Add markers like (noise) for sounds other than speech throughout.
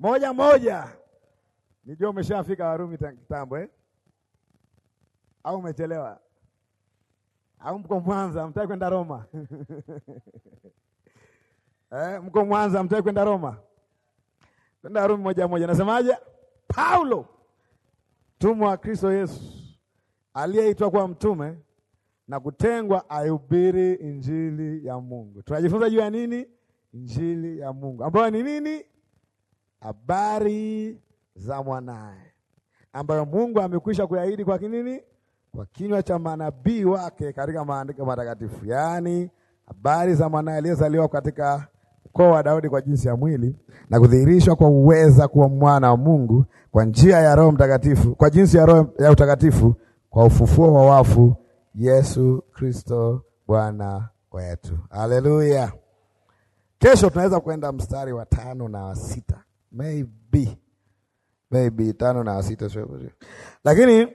moja moja. Nijua umeshafika Warumi kitambo eh? Au umechelewa au mko Mwanza mtaki kwenda Roma? (laughs) Eh, mko Mwanza mtaki kwenda Roma? Kwenda Warumi moja moja, nasemaje? Paulo mtumwa wa Kristo Yesu aliyeitwa kuwa mtume na kutengwa aihubiri injili ya Mungu. Tunajifunza juu ya nini? Injili ya Mungu ambayo ni nini? habari za mwanaye ambayo Mungu amekwisha kuahidi kwa kinini, kwa kinywa cha manabii wake katika maandiko matakatifu, yaani habari za mwanaye aliyezaliwa katika ukoo wa Daudi kwa jinsi ya mwili na kudhihirishwa kwa uweza kuwa mwana wa Mungu kwa njia ya Roho Mtakatifu, kwa jinsi ya Roho ya utakatifu kwa ufufuo wa wafu, Yesu Kristo Bwana wetu. Haleluya! Kesho tunaweza kwenda mstari wa tano na wa sita maybe maybe tano na sita, sio lakini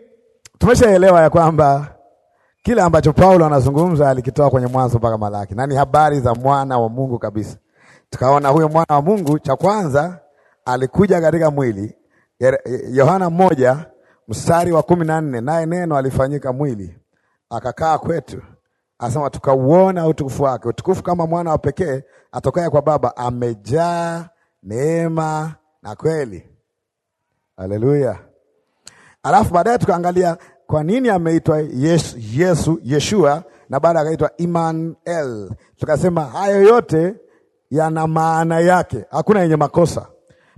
tumeshaelewa ya kwamba kile ambacho Paulo anazungumza alikitoa kwenye Mwanzo mpaka Malaki, na ni habari za mwana wa Mungu kabisa. Tukaona huyo mwana wa Mungu, cha kwanza alikuja katika mwili, Yohana moja mstari wa kumi na nne naye neno alifanyika mwili akakaa kwetu, asema tukauona utukufu wake, utukufu kama mwana wa pekee atokaye kwa Baba, amejaa neema na kweli. Haleluya. Alafu baadaye tukaangalia kwa nini ameitwa Yesu, Yesu Yeshua na baada akaitwa Imanuel. Tukasema hayo yote yana maana yake, hakuna yenye makosa.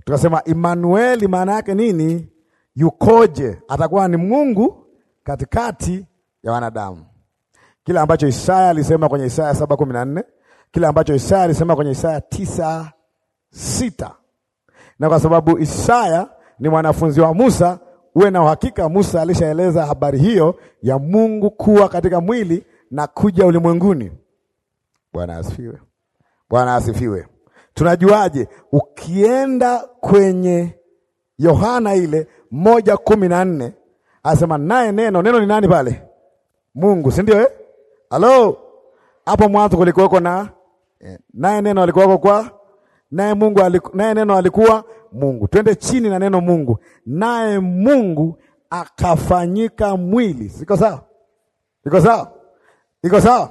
Tukasema Imanueli maana yake nini? Yukoje? Atakuwa ni Mungu katikati ya wanadamu, kile ambacho Isaya alisema kwenye Isaya saba kumi na nne, kile ambacho Isaya alisema kwenye Isaya tisa sita. Na kwa sababu Isaya ni mwanafunzi wa Musa, uwe na uhakika Musa alishaeleza habari hiyo ya Mungu kuwa katika mwili na kuja ulimwenguni. Bwana asifiwe. Bwana asifiwe. Tunajuaje? Ukienda kwenye Yohana ile moja kumi na nne asema naye neno, neno ni nani pale? Mungu, si ndio eh? Halo, hapo mwanzo kulikuweko na eh, naye neno alikuwako kwa naye Mungu aliku, naye neno alikuwa Mungu. Twende chini na neno Mungu, naye Mungu akafanyika mwili. Siko sawa? Iko sawa? Iko sawa?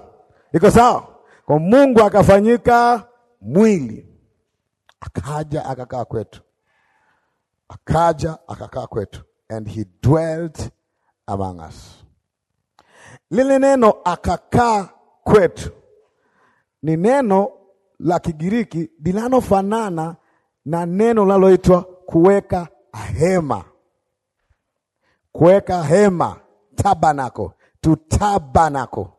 Iko sawa? Kwa Mungu akafanyika mwili, akaja akakaa kwetu, akaja akakaa kwetu, and he dwelt among us. Lile neno akakaa kwetu ni neno la Kigiriki linalofanana na neno linaloitwa kuweka hema, kuweka hema, tabanako, to tabanako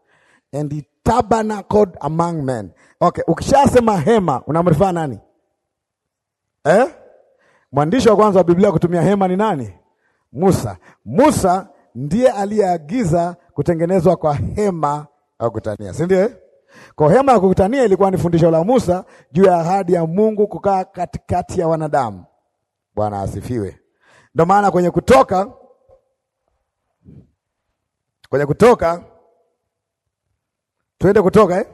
and the tabanako among men. Okay, ukishasema hema unamrifaa nani eh? Mwandishi wa kwanza wa Biblia kutumia hema ni nani? Musa. Musa ndiye aliyeagiza kutengenezwa kwa hema au kutania, si ndio? Eh? Kwa hema ya kukutania ilikuwa ni fundisho la Musa juu ya ahadi ya Mungu kukaa katikati ya wanadamu. Bwana asifiwe. Ndio maana kwenye Kutoka, kwenye Kutoka, tuende Kutoka eh?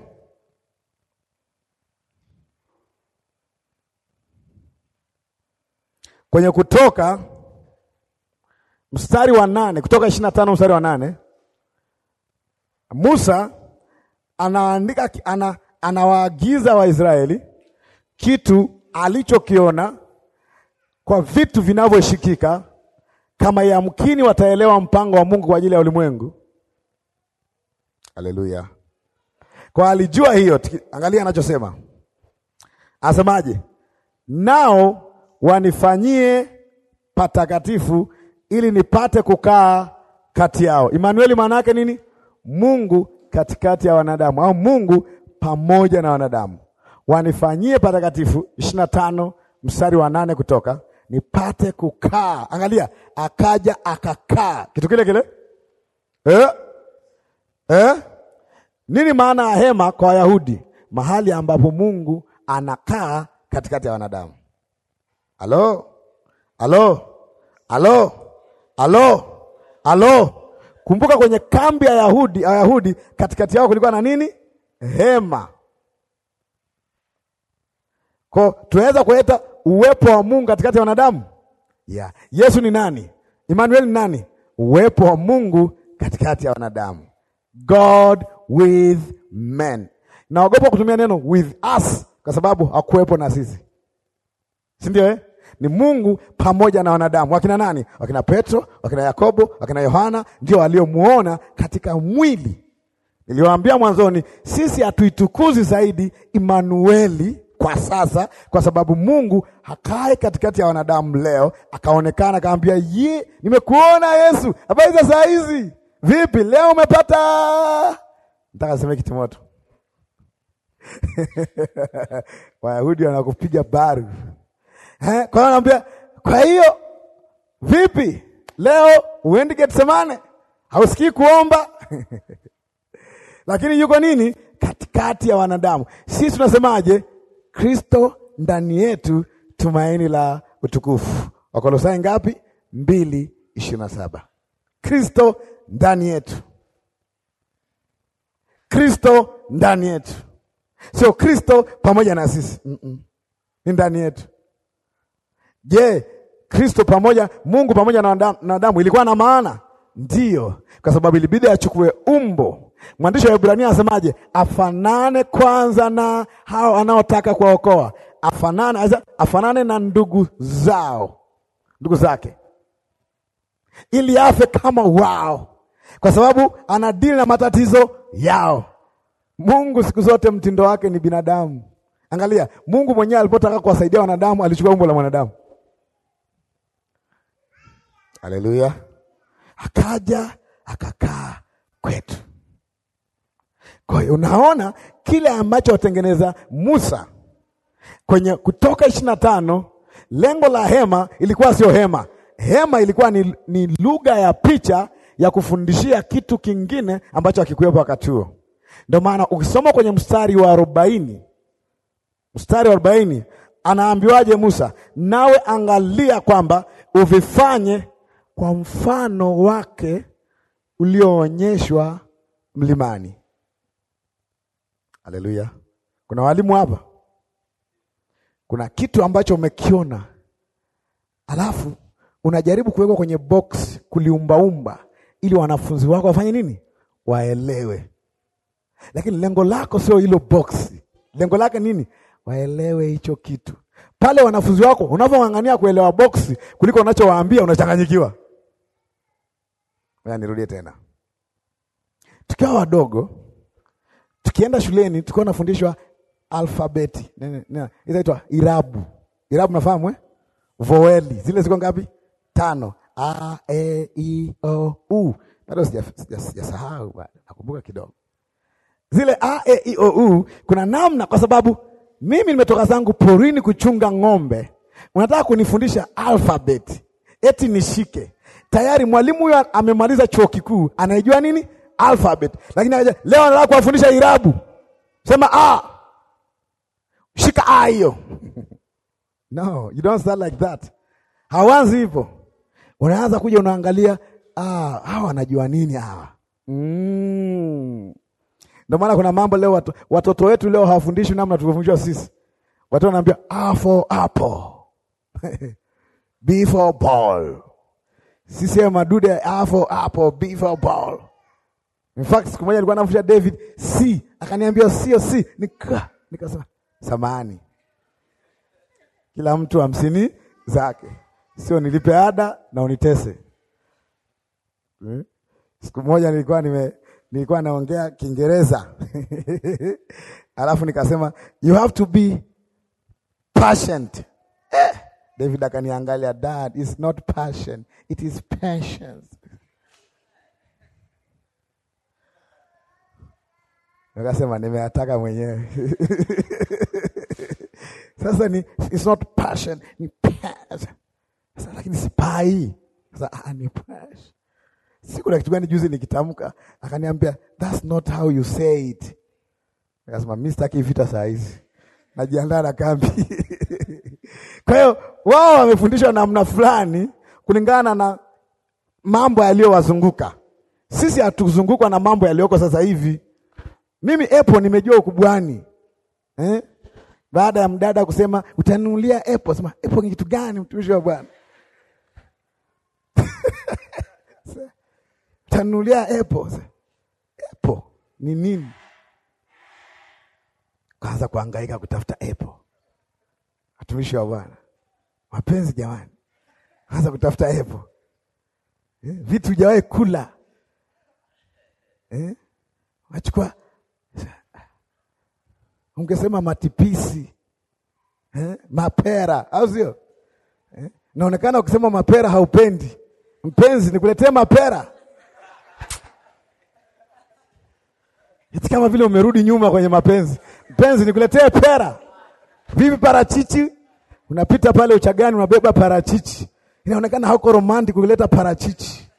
kwenye Kutoka mstari wa nane, Kutoka ishirini na tano mstari wa nane Musa anaandika ana, anawaagiza Waisraeli kitu alichokiona kwa vitu vinavyoshikika, kama yamkini wataelewa mpango wa Mungu kwa ajili ya ulimwengu. Haleluya! Kwa alijua hiyo. Angalia anachosema, asemaje? Nao wanifanyie patakatifu ili nipate kukaa kati yao. Emanueli maana yake nini? Mungu katikati ya wanadamu au Mungu pamoja na wanadamu, wanifanyie patakatifu, ishirini na tano mstari wa nane Kutoka, nipate kukaa. Angalia, akaja akakaa, kitu kile kile eh? Eh? Nini maana ya hema kwa Wayahudi? Mahali ambapo Mungu anakaa katikati ya wanadamu. Halo, halo, halo, halo, halo. Kumbuka kwenye kambi ya Yahudi, Wayahudi katikati yao kulikuwa na nini? Hema. Kwa tunaweza kuleta uwepo wa Mungu katikati ya wanadamu yeah. Yesu ni nani? Emmanuel ni nani? Uwepo wa Mungu katikati ya wanadamu, God with men. Naogopa kutumia neno with us kwa sababu hakuwepo na sisi, si ndio eh? ni Mungu pamoja na wanadamu. Wakina nani? Wakina Petro, wakina Yakobo, wakina Yohana ndio waliomuona katika mwili. Niliwaambia mwanzoni, sisi hatuitukuzi zaidi Imanueli kwa sasa, kwa sababu Mungu hakae katikati ya wanadamu. Leo akaonekana akaambia, ye, nimekuona Yesu, habari za saa hizi vipi? Leo umepata nataka seme kitimoto (laughs) Wayahudi wanakupiga baru Eh, kwa hiyo anamwambia, kwa hiyo vipi leo uende Getsemane? Hausikii kuomba? (laughs) Lakini yuko nini katikati ya wanadamu. Sisi tunasemaje? Kristo ndani yetu, tumaini la utukufu. Wakolosai ngapi? mbili ishirini na saba. Kristo ndani yetu, Kristo ndani yetu, sio Kristo pamoja na sisi. Mm -mm. Ni ndani yetu. Je, Kristo pamoja Mungu pamoja na wanadamu ilikuwa na maana? Ndiyo, kwa sababu ilibidi achukue umbo. Mwandishi wa Waebrania anasemaje? Afanane kwanza na hao anaotaka kuwaokoa, afanane, afanane na ndugu zao, ndugu zake, ili afe kama wao, kwa sababu anadili na matatizo yao. Mungu siku zote mtindo wake ni binadamu. Angalia, Mungu mwenyewe alipotaka kuwasaidia wanadamu alichukua umbo la mwanadamu. Haleluya. Akaja akakaa kwetu. Kwa hiyo unaona kile ambacho watengeneza Musa kwenye Kutoka ishirini na tano, lengo la hema ilikuwa sio hema. Hema ilikuwa ni, ni lugha ya picha ya kufundishia kitu kingine ambacho hakikuwepo wakati huo. Ndio maana ukisoma kwenye mstari wa arobaini, mstari wa arobaini anaambiwaje Musa? Nawe angalia kwamba uvifanye kwa mfano wake ulioonyeshwa mlimani. Haleluya! Kuna walimu hapa, kuna kitu ambacho umekiona, alafu unajaribu kuwekwa kwenye box, kuliumbaumba ili wanafunzi wako wafanye nini? Waelewe. Lakini lengo lako sio hilo box, lengo lake nini? Waelewe hicho kitu pale. Wanafunzi wako unavyong'ang'ania kuelewa box kuliko unachowaambia, unachanganyikiwa. Ngoja nirudie tena. Tukiwa wadogo, tukienda shuleni, tukiwa nafundishwa alfabeti. Inaitwa irabu. Irabu nafahamu eh? Voeli Zile ziko ngapi? Tano. A, E, I, O, U. Bado sijasahau sahau Nakumbuka kidogo. Zile A, E, I, O, U kuna namna kwa sababu mimi nimetoka zangu porini kuchunga ng'ombe. Unataka kunifundisha alfabeti. Eti nishike tayari mwalimu huyo amemaliza chuo kikuu, anaijua nini alphabet, lakini leo anataka kuwafundisha irabu. Sema ah, shika a hiyo (laughs) no, you don't start like that. Hawanzi hivyo, unaanza kuja unaangalia ah, hawa wanajua nini hawa mm. Ndio maana kuna mambo leo watu, watoto wetu leo hawafundishwi namna tulivyofundishwa sisi. Watoto wanaambia a for apple (laughs) B for ball CCM adude A for apple, ball. In fact, siku moja alikuwa anamfundisha David C, akaniambia sio si nika nikasema samani. Kila mtu hamsini zake. Sio nilipe ada na unitese. Eh? Siku moja nilikuwa nime nilikuwa naongea Kiingereza. (laughs) Alafu nikasema you have to be patient. Eh. David akaniangalia, dad, it's not passion, it is patience. Nikasema nimeataka mwenyewe (laughs) sasa ni it's not passion, ni Sasa lakini sipai sasa ah, ni passion. Siku na kitu gani juzi nikitamka, akaniambia that's not how you say it. Nikasema mimi sitaki vita saa hizi, najiandaa na kambi (laughs) Kwa hiyo wao wamefundishwa namna fulani kulingana na mambo yaliyowazunguka. Sisi hatuzungukwa na mambo yaliyoko sasa hivi. Mimi Apple nimejua ukubwani eh? Baada ya mdada kusema utanunulia Apple, sema Apple ni kitu gani, mtumishi wa Bwana? (laughs) utanunulia Apple. Apple ni nini? Kaanza kuhangaika kutafuta Apple. Watumishi wa Bwana, mapenzi jamani, anza kutafuta hepo eh? vitu hujawahi kula eh? wachukua ungesema matipisi eh? mapera, au sio eh? naonekana ukisema mapera haupendi. Mpenzi, nikuletee mapera eti kama vile umerudi nyuma kwenye mapenzi. Mpenzi, nikuletee pera. Vipi parachichi? Unapita pale uchagani unabeba parachichi. Inaonekana hauko romantic kuleta parachichi.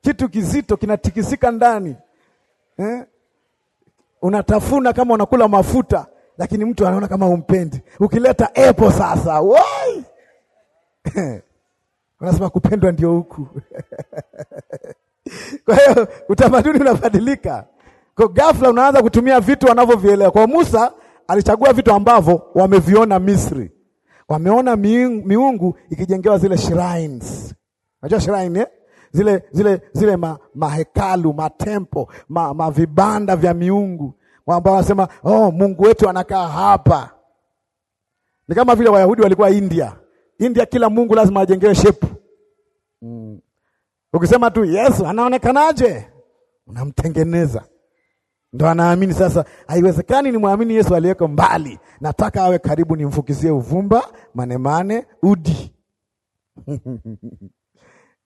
Kitu kizito kinatikisika ndani. Eh? Unatafuna kama unakula mafuta, lakini mtu anaona kama umpendi. Ukileta epo sasa. Woi! (laughs) Unasema kupendwa ndio huku. (laughs) Kwa hiyo utamaduni unabadilika. Kwa ghafla unaanza kutumia vitu wanavyovielewa. Kwa Musa alichagua vitu ambavyo wameviona Misri, wameona miungu ikijengewa zile shrines. Unajua shrine eh? zile zile zile ma, mahekalu matempo ma, vya miungu ambao wanasema oh, Mungu wetu anakaa hapa. Ni kama vile Wayahudi walikuwa India. India kila mungu lazima ajengewe shepu mm. Ukisema tu Yesu anaonekanaje, unamtengeneza Ndo anaamini sasa, haiwezekani nimwamini Yesu aliyeko mbali, nataka awe karibu, nimfukizie uvumba, manemane, udi (laughs)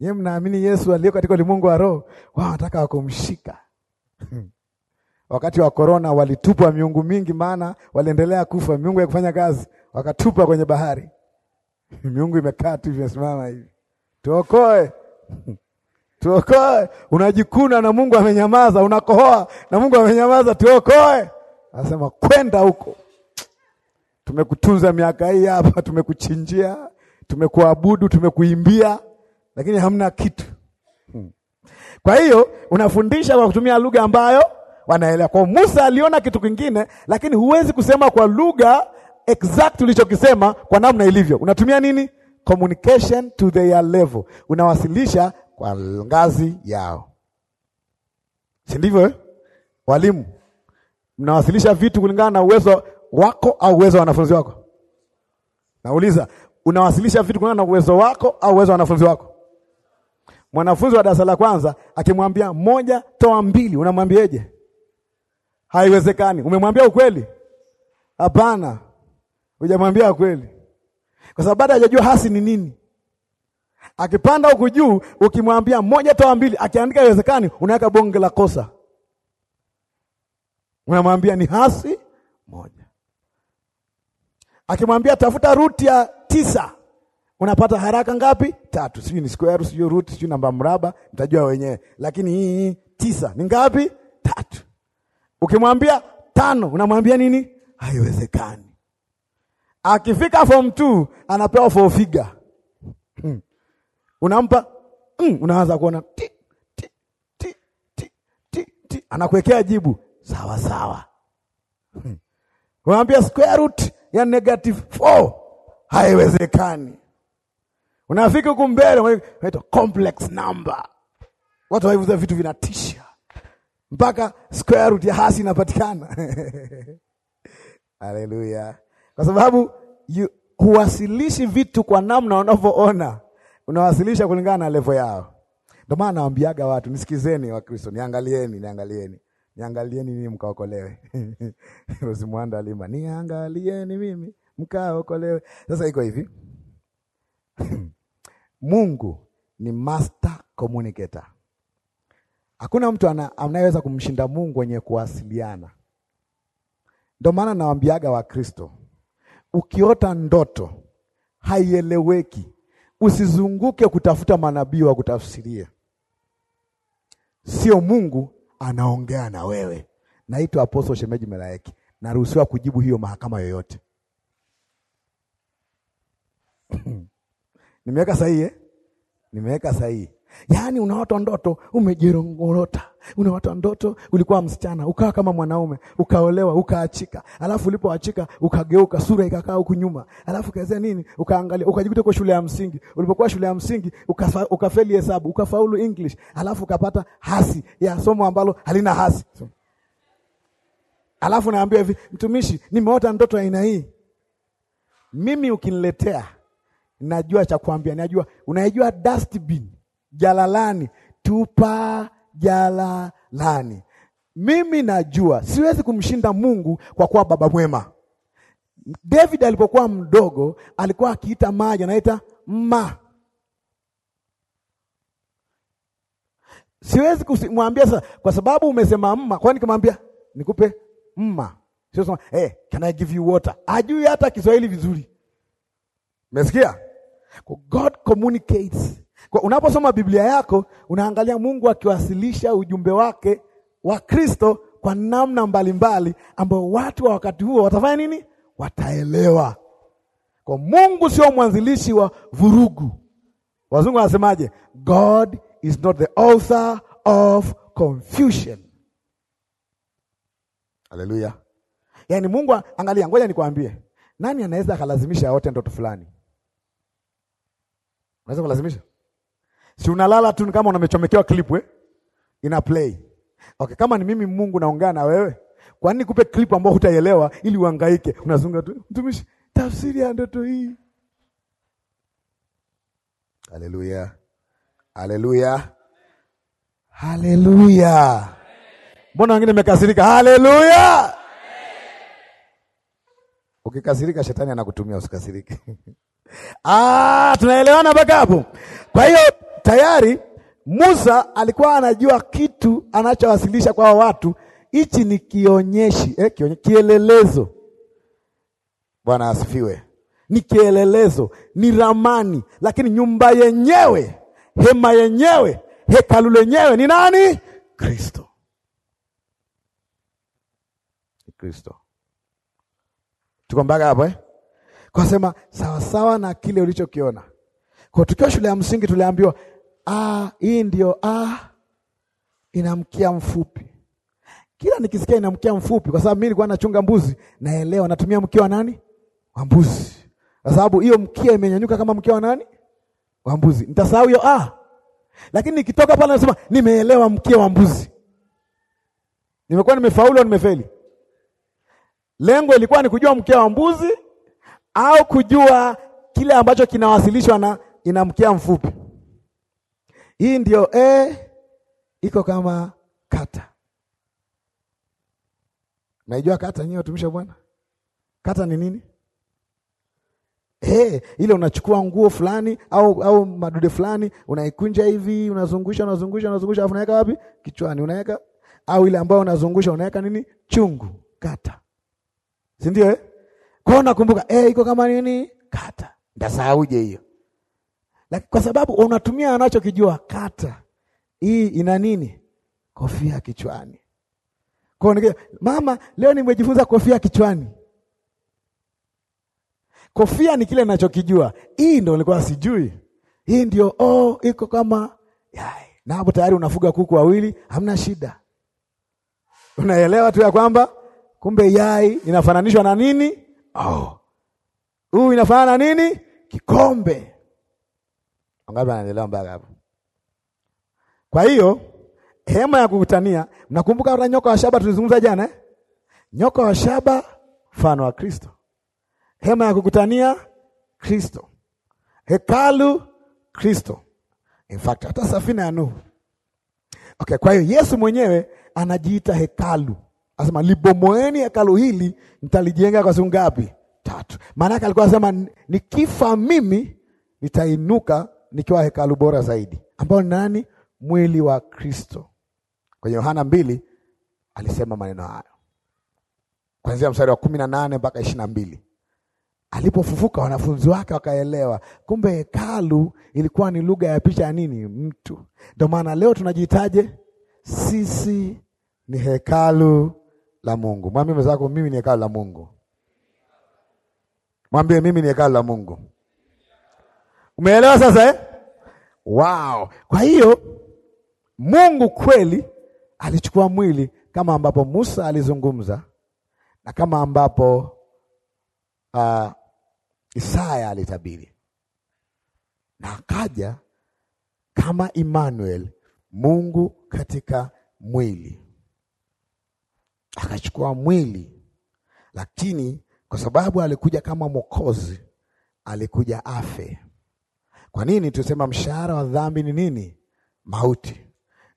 Ye, mnaamini Yesu aliyeko katika ulimwengu wa roho, wao nataka wakumshika. (laughs) Wakati wa korona walitupwa miungu mingi, maana waliendelea kufa, miungu ya kufanya kazi wakatupa kwenye bahari (laughs) miungu imekaa tu imesimama hivi, tuokoe tuokoe. Unajikuna na Mungu amenyamaza, unakohoa na Mungu amenyamaza, tuokoe. Anasema kwenda huko, tumekutunza miaka hii hapa, tumekuchinjia, tumekuabudu, tumekuimbia, lakini hamna kitu. Hmm. Kwa hiyo unafundisha kwa kutumia lugha ambayo wanaelewa. Kwa Musa aliona kitu kingine, lakini huwezi kusema kwa lugha exact ulichokisema kwa namna ilivyo. Unatumia nini? Communication to their level, unawasilisha kwa ngazi yao, si ndivyo? Eh? Walimu mnawasilisha vitu kulingana na uwezo wako au uwezo wa wanafunzi wako? Nauliza, unawasilisha vitu kulingana na uwezo wako au uwezo wa wanafunzi wako? Mwanafunzi wa darasa la kwanza akimwambia moja toa mbili, unamwambieje? Haiwezekani. Umemwambia ukweli? Hapana, hujamwambia ukweli, kwa sababu bado hajajua hasi ni nini. Akipanda huku juu, ukimwambia moja toa mbili, akiandika iwezekani, unaweka bonge la kosa, unamwambia ni hasi moja. Akimwambia tafuta root ya tisa, unapata haraka ngapi? Tatu. Sijui ni square, sijui root, sijui namba mraba, mtajua wenyewe, lakini hii tisa ni ngapi? Tatu. Ukimwambia tano, unamwambia nini? Haiwezekani. Akifika form 2 anapewa four figure unampa mm, unaanza kuona ti, ti, ti, ti, ti, ti. Anakuwekea jibu sawa sawa hmm. Unaambia square root ya negative 4 haiwezekani. Unafika huku mbele unaitwa complex number. Watu waivuza vitu vinatisha mpaka square root ya hasi inapatikana. (laughs) Haleluya! Kwa sababu you, huwasilishi vitu kwa namna unavyoona unawasilisha kulingana na levo yao. Ndio maana nawaambiaga watu, nisikizeni Wakristo, niangalieni, niangalieni, niangalieni mimi mkaokolewe. (laughs) Rose Mwanda alima, niangalieni mimi mkaokolewe. Sasa iko hivi (clears throat) Mungu ni master communicator. Hakuna mtu anayeweza kumshinda Mungu wenye kuwasiliana. Ndio maana nawaambiaga Wakristo, ukiota ndoto haieleweki usizunguke kutafuta manabii wa kutafsiria. Sio Mungu anaongea na wewe. Naitwa Apostle Shemeji Melaeki, naruhusiwa kujibu hiyo mahakama yoyote. (clears throat) Nimeweka sahihi eh? Nimeweka sahihi. Yaani unaota ndoto umejirongorota, unaota ndoto ulikuwa msichana ukawa kama mwanaume ukaolewa ukaachika, alafu ulipoachika ukageuka, sura ikakaa huku nyuma, alafu kaezea nini, ukaangalia ukajikuta kwa shule ya msingi. Ulipokuwa shule ya msingi ukafa, ukafeli hesabu ukafaulu English, alafu ukapata hasi ya somo ambalo halina hasi. Alafu naambia hivi, mtumishi, nimeota ndoto aina hii. Mimi ukiniletea najua cha kuambia, najua unaijua dustbin jalalani, tupa jalalani. Mimi najua siwezi kumshinda Mungu kwa kuwa baba mwema. David alipokuwa mdogo alikuwa akiita maji anaita ma. Siwezi kumwambia sasa, kwa sababu umesema mma, kwani nikimwambia nikupe mma? Sio sema hey, eh, can I give you water? Ajui hata Kiswahili vizuri. Umesikia? God communicates kwa unaposoma Biblia yako unaangalia Mungu akiwasilisha ujumbe wake wa Kristo kwa namna mbalimbali ambao watu wa wakati huo watafanya nini? Wataelewa. Kwa Mungu sio mwanzilishi wa vurugu. Wazungu wanasemaje? God is not the author of confusion. Haleluya. Yaani Mungu, angalia, ngoja nikwambie, nani anaweza akalazimisha wote ndoto fulani? Unaweza kulazimisha Si unalala tu kama unamechomekewa clip eh? Ina play. Okay, kama ni mimi Mungu naongea na wewe, kwa nini kupe clip ambayo hutaielewa ili uhangaike? Unazunga tu mtumishi, tafsiri ya ndoto hii. Haleluya. Haleluya. Haleluya. Mbona wengine mmekasirika? Haleluya. Ukikasirika shetani anakutumia usikasirike. (laughs) Ah, tunaelewana mpaka hapo. Kwa hiyo tayari Musa alikuwa anajua kitu anachowasilisha kwa watu. Hichi ni kionyeshi eh, kionye, kielelezo. Bwana asifiwe. Ni kielelezo, ni ramani, lakini nyumba yenyewe, hema yenyewe, hekalu lenyewe ni nani? Kristo. Kristo. Tuko mpaka hapo eh? Kwa sema sawasawa na kile ulichokiona. Kwa tukiwa shule ya msingi tuliambiwa ah, hii ndio ah, inamkia mfupi. Kila nikisikia inamkia mfupi, kwa sababu mimi nilikuwa nachunga mbuzi, naelewa natumia mkia wa nani? Wa mbuzi, kwa sababu hiyo mkia imenyanyuka kama mkia wa nani? Wa mbuzi. Nitasahau hiyo ah, lakini nikitoka pale nasema nimeelewa mkia wa mbuzi. Nimekuwa nimefaulu au nimefeli? Lengo ilikuwa ni kujua mkia wa mbuzi au kujua kile ambacho kinawasilishwa na ina mkia mfupi. Hii ndio A iko kama kata. Naijua kata nyinyi watumisha Bwana. Kata ni nini? Hey, ile unachukua nguo fulani au au madude fulani unaikunja hivi, unazungusha unazungusha unazungusha, afu unaweka wapi? Kichwani unaweka, au ile ambayo unazungusha unaweka nini? Chungu, kata, si ndio eh? Kwa nakumbuka eh, iko kama nini? Kata. Ndasahauje hiyo? Lakini kwa sababu unatumia anachokijua kata. Hii ina nini? Kofia kichwani. Kwa hiyo mama, leo nimejifunza kofia kichwani. Kofia ni kile ninachokijua. Hii ndio nilikuwa sijui. Hii ndio oh, iko kama yai. Na hapo tayari unafuga kuku wawili, hamna shida. Unaelewa tu ya kwamba kumbe yai inafananishwa na nini? Oh. Huu inafanana na nini? Kikombe. Wangapi wanaelewa mpaka hapo? Kwa hiyo hema ya kukutania, mnakumbuka hata nyoka wa shaba tulizungumza jana eh? Nyoka wa shaba mfano wa Kristo, hema ya kukutania Kristo, hekalu Kristo, in fact hata safina ya Nuhu. Okay, kwa hiyo Yesu mwenyewe anajiita hekalu, anasema libomoeni hekalu hili nitalijenga kwa siku ngapi? Tatu. Maana yake alikuwa anasema nikifa mimi nitainuka nikiwa hekalu bora zaidi, ambao ni nani? Mwili wa Kristo. Kwenye Yohana mbili alisema maneno hayo kuanzia mstari wa kumi na nane mpaka ishirini na mbili. Alipofufuka wanafunzi wake wakaelewa, kumbe hekalu ilikuwa ni lugha ya picha ya nini? Mtu. Ndio maana leo tunajitaje sisi ni hekalu la Mungu. Mwambie mwenzako, mimi ni hekalu la Mungu. Mwambie mimi ni hekalu la Mungu. Umeelewa sasa eh? Wow. Kwa hiyo Mungu kweli alichukua mwili kama ambapo Musa alizungumza na kama ambapo uh, Isaya alitabiri na akaja kama Emmanuel, Mungu katika mwili, akachukua mwili, lakini kwa sababu alikuja kama mwokozi, alikuja afe kwa nini tusema mshahara wa dhambi ni nini? Mauti.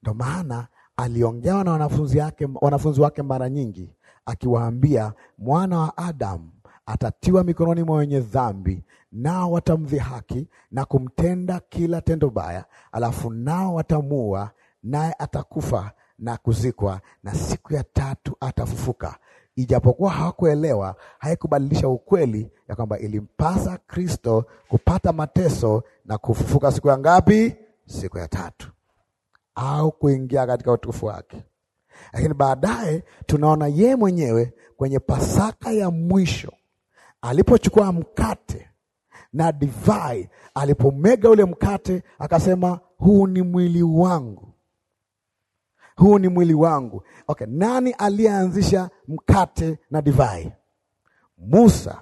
Ndio maana aliongewa na wanafunzi wake, wanafunzi wake mara nyingi akiwaambia mwana wa Adamu atatiwa mikononi mwa wenye dhambi, nao watamdhihaki na kumtenda kila tendo baya, alafu nao watamua, naye atakufa na kuzikwa, na siku ya tatu atafufuka. Ijapokuwa hawakuelewa, haikubadilisha ukweli ya kwamba ilimpasa Kristo kupata mateso na kufufuka siku ya ngapi? Siku ya tatu, au kuingia katika utukufu wake. Lakini baadaye tunaona yeye mwenyewe kwenye Pasaka ya mwisho alipochukua mkate na divai, alipomega ule mkate akasema, huu ni mwili wangu huu ni mwili wangu. Okay, nani aliyeanzisha mkate na divai? Musa.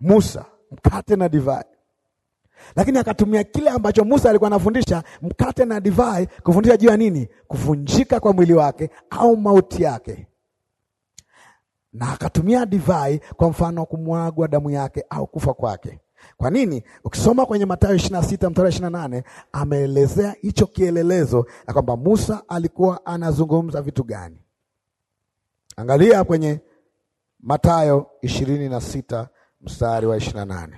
Musa, mkate na divai. Lakini akatumia kile ambacho Musa alikuwa anafundisha, mkate na divai, kufundisha juu ya nini? Kuvunjika kwa mwili wake au mauti yake, na akatumia divai kwa mfano, wa kumwagwa damu yake au kufa kwake. Kwa nini? Ukisoma kwenye Mathayo 26 mstari 28 ameelezea hicho kielelezo na kwamba Musa alikuwa anazungumza vitu gani. Angalia kwenye Mathayo 26 mstari wa 28.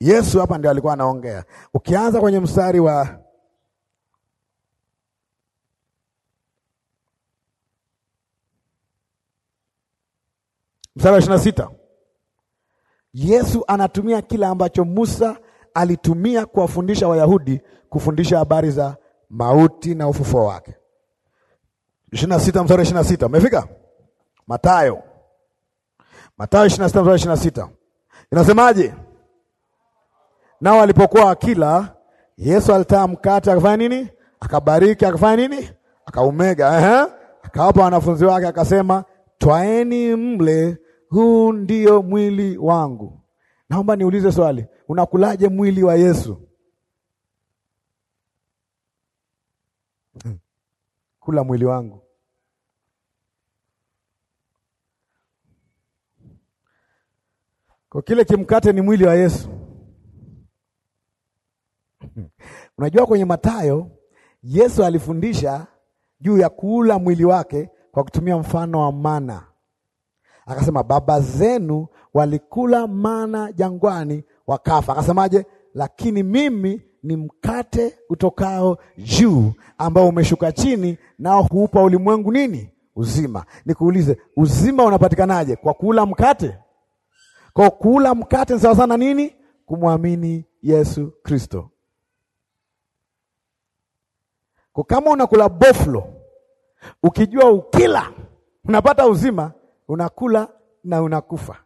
Yesu hapa ndio alikuwa anaongea. Ukianza kwenye mstari wa mstari wa sita Yesu anatumia kila ambacho Musa alitumia kuwafundisha Wayahudi kufundisha habari za mauti na ufufuo wake. 26 mstari 26. umefika? Matayo, Matayo 26 mstari 26. inasemaje? Nao walipokuwa akila, Yesu alitaa mkate akafanya nini? Akabariki akafanya nini? Akaumega, ehe, akawapa wanafunzi wake akasema, twaeni mle huu ndio mwili wangu. Naomba niulize swali, unakulaje mwili wa Yesu? (laughs) Kula mwili wangu. Kwa kile kimkate ni mwili wa Yesu. (laughs) Unajua, kwenye Mathayo Yesu alifundisha juu ya kuula mwili wake kwa kutumia mfano wa mana. Akasema baba zenu walikula mana jangwani wakafa. Akasemaje? Lakini mimi ni mkate utokao juu ambao umeshuka chini, nao huupa ulimwengu nini? Uzima. Nikuulize, uzima unapatikanaje? Kwa kula mkate? Kwa kula mkate ni sawa sana nini? Kumwamini Yesu Kristo. Kwa kama unakula boflo ukijua ukila unapata uzima, unakula na unakufa.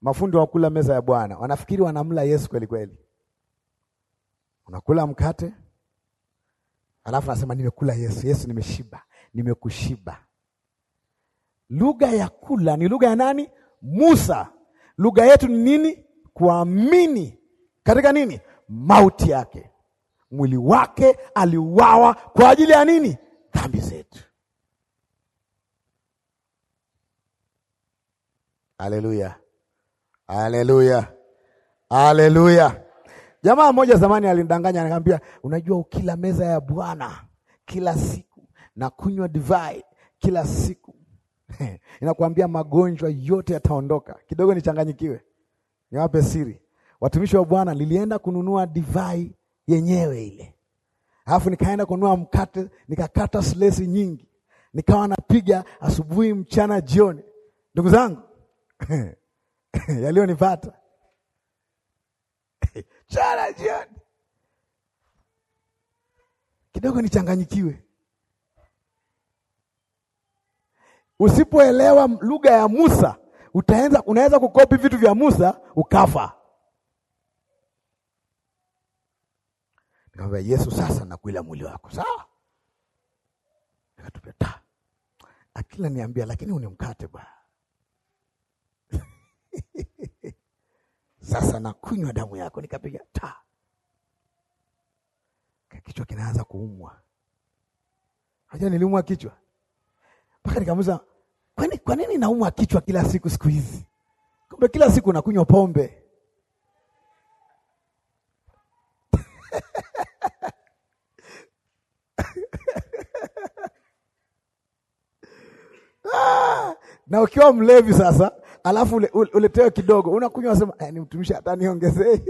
Mafundi wakula meza ya Bwana wanafikiri wanamla Yesu kweli kweli. Unakula mkate alafu nasema nimekula Yesu, Yesu nimeshiba, nimekushiba. Lugha ya kula ni lugha ya nani? Musa. Lugha yetu ni nini? Kuamini katika nini? Mauti yake, mwili wake aliuawa kwa ajili ya nini? Haleluya, haleluya, haleluya. Jamaa mmoja zamani alindanganya, ananiambia unajua, ukila meza ya Bwana kila siku na kunywa divai kila siku (laughs) inakuambia magonjwa yote yataondoka. Kidogo nichanganyikiwe, niwape siri. Watumishi wa Bwana, nilienda kununua divai yenyewe ile, alafu nikaenda kununua mkate, nikakata slesi nyingi, nikawa napiga asubuhi, mchana, jioni. Ndugu zangu, (laughs) yaliyonipata (laughs) chana jioni kidogo nichanganyikiwe. Usipoelewa lugha ya Musa utaenza, unaweza kukopi vitu vya Musa ukafa. Nikamwambia Yesu, sasa nakuila mwili wako, sawa? Nikatupia ta akila niambia, lakini uni bwana (laughs) Sasa nakunywa damu yako, nikapiga ta. Kichwa kinaanza kuumwa. Unajua niliumwa kichwa mpaka nikamuza, kwani kwa nini naumwa kichwa kila siku siku hizi? Kumbe kila siku nakunywa pombe (laughs) ah! na ukiwa mlevi sasa alafu ule, uletewe kidogo, unakunywa sema eh, ni mtumishi hata niongezee.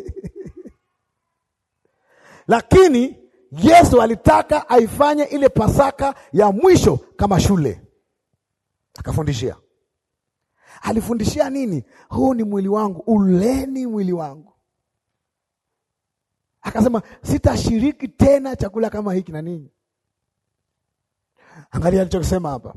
(laughs) Lakini Yesu alitaka aifanye ile Pasaka ya mwisho kama shule, akafundishia. Alifundishia nini? Huu ni mwili wangu, uleni mwili wangu. Akasema sitashiriki tena chakula kama hiki na ninyi. Angalia alichokisema hapa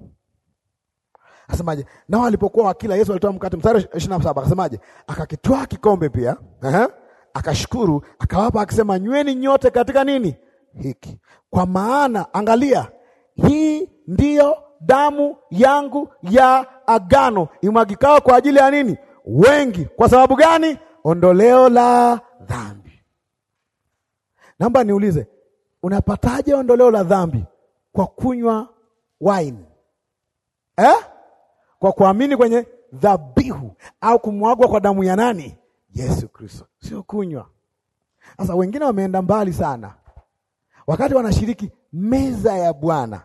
Asemaje? Nao alipokuwa wakila, Yesu alitoa mkate, mstari 27, akasemaje? Akakitwaa kikombe pia, aha, akashukuru, akawapa akisema, nyweni nyote katika nini hiki, kwa maana angalia, hii ndiyo damu yangu ya agano imwagikao kwa ajili ya nini wengi. Kwa sababu gani? Ondoleo la dhambi. Naomba niulize, unapataje ondoleo la dhambi? Kwa kunywa wine eh? kwa kuamini kwenye dhabihu au kumwagwa kwa damu ya nani? Yesu Kristo, sio kunywa. Sasa wengine wameenda mbali sana, wakati wanashiriki meza ya Bwana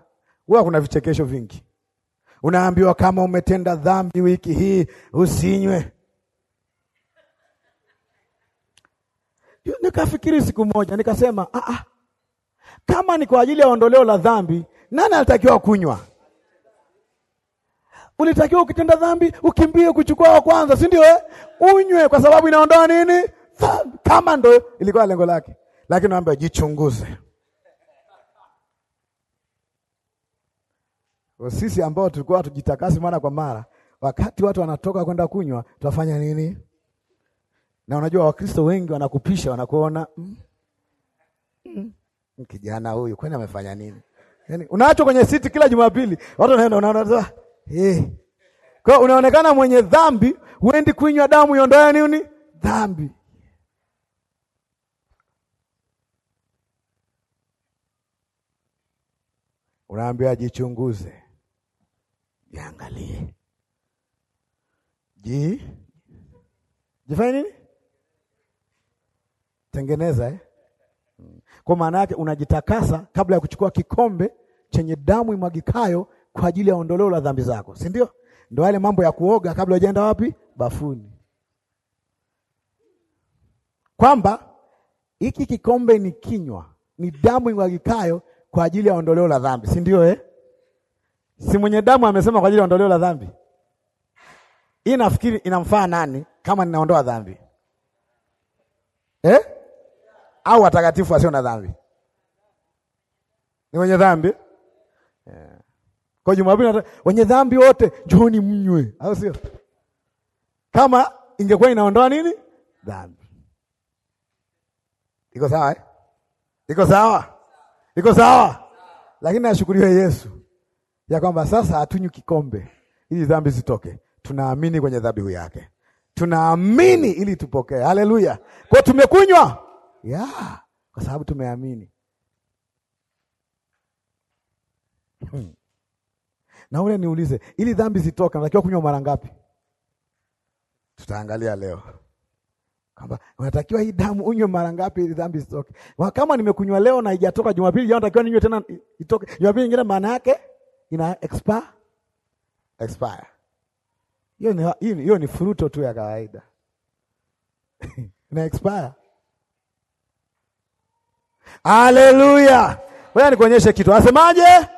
huwa kuna vichekesho vingi. Unaambiwa kama umetenda dhambi wiki hii usinywe. Nikafikiri siku moja, nikasema ah, ah, kama ni kwa ajili ya ondoleo la dhambi, nani anatakiwa kunywa? Ulitakiwa ukitenda dhambi ukimbie kuchukua wa kwanza, si ndio eh? Unywe kwa sababu inaondoa nini? Dhambi. Kama ndo ilikuwa lengo lake, lakini naambia jichunguze. Sisi ambao tulikuwa tujitakasi mara kwa mara, wakati watu wanatoka kwenda kunywa, tutafanya nini? Na unajua Wakristo wengi wanakupisha, wanakuona mm, mm, kijana huyu kwani amefanya nini? Yaani unaachwa kwenye siti kila Jumapili, watu wanaenda unaona eh. Kwa unaonekana mwenye dhambi, huendi kunywa damu iondoe nini dhambi. Unaambiwa jichunguze, jiangalie, ji jifanye nini, tengeneza eh? Kwa maana yake unajitakasa kabla ya kuchukua kikombe chenye damu imwagikayo kwa ajili ya ondoleo la dhambi zako, si ndio? Ndio yale mambo ya kuoga kabla hujaenda wapi, bafuni, kwamba hiki kikombe ni kinywa, ni damu imwagikayo kwa ajili ya ondoleo la dhambi, si ndio eh? Si mwenye damu amesema kwa ajili ya ondoleo la dhambi? Hii nafikiri inamfaa nani kama ninaondoa dhambi eh? Au watakatifu wasio na dhambi ni wenye dhambi kwa Jumapili wenye dhambi wote njooni mnywe, au sio? Kama ingekuwa inaondoa nini dhambi. Iko sawa eh? Iko sawa, iko sawa, lakini nashukuriwe Yesu ya kwamba sasa hatunywi kikombe ili dhambi zitoke, tunaamini kwenye dhabihu yake, tunaamini ili tupokee. Haleluya! Kwa tumekunywa ya kwa sababu tumeamini. Hmm na ule niulize, ili dhambi zitoka, natakiwa kunywa mara ngapi? Tutaangalia leo kwamba unatakiwa hii damu unywe mara ngapi ili dhambi zitoke. Kama nimekunywa leo na haijatoka Jumapili jana, natakiwa ninywe tena itoke Jumapili nyingine, maana yake ina expire expire. Hiyo ni hiyo ni fruto tu ya kawaida (laughs) ina expire. Haleluya! Wewe nikuonyeshe kitu, asemaje?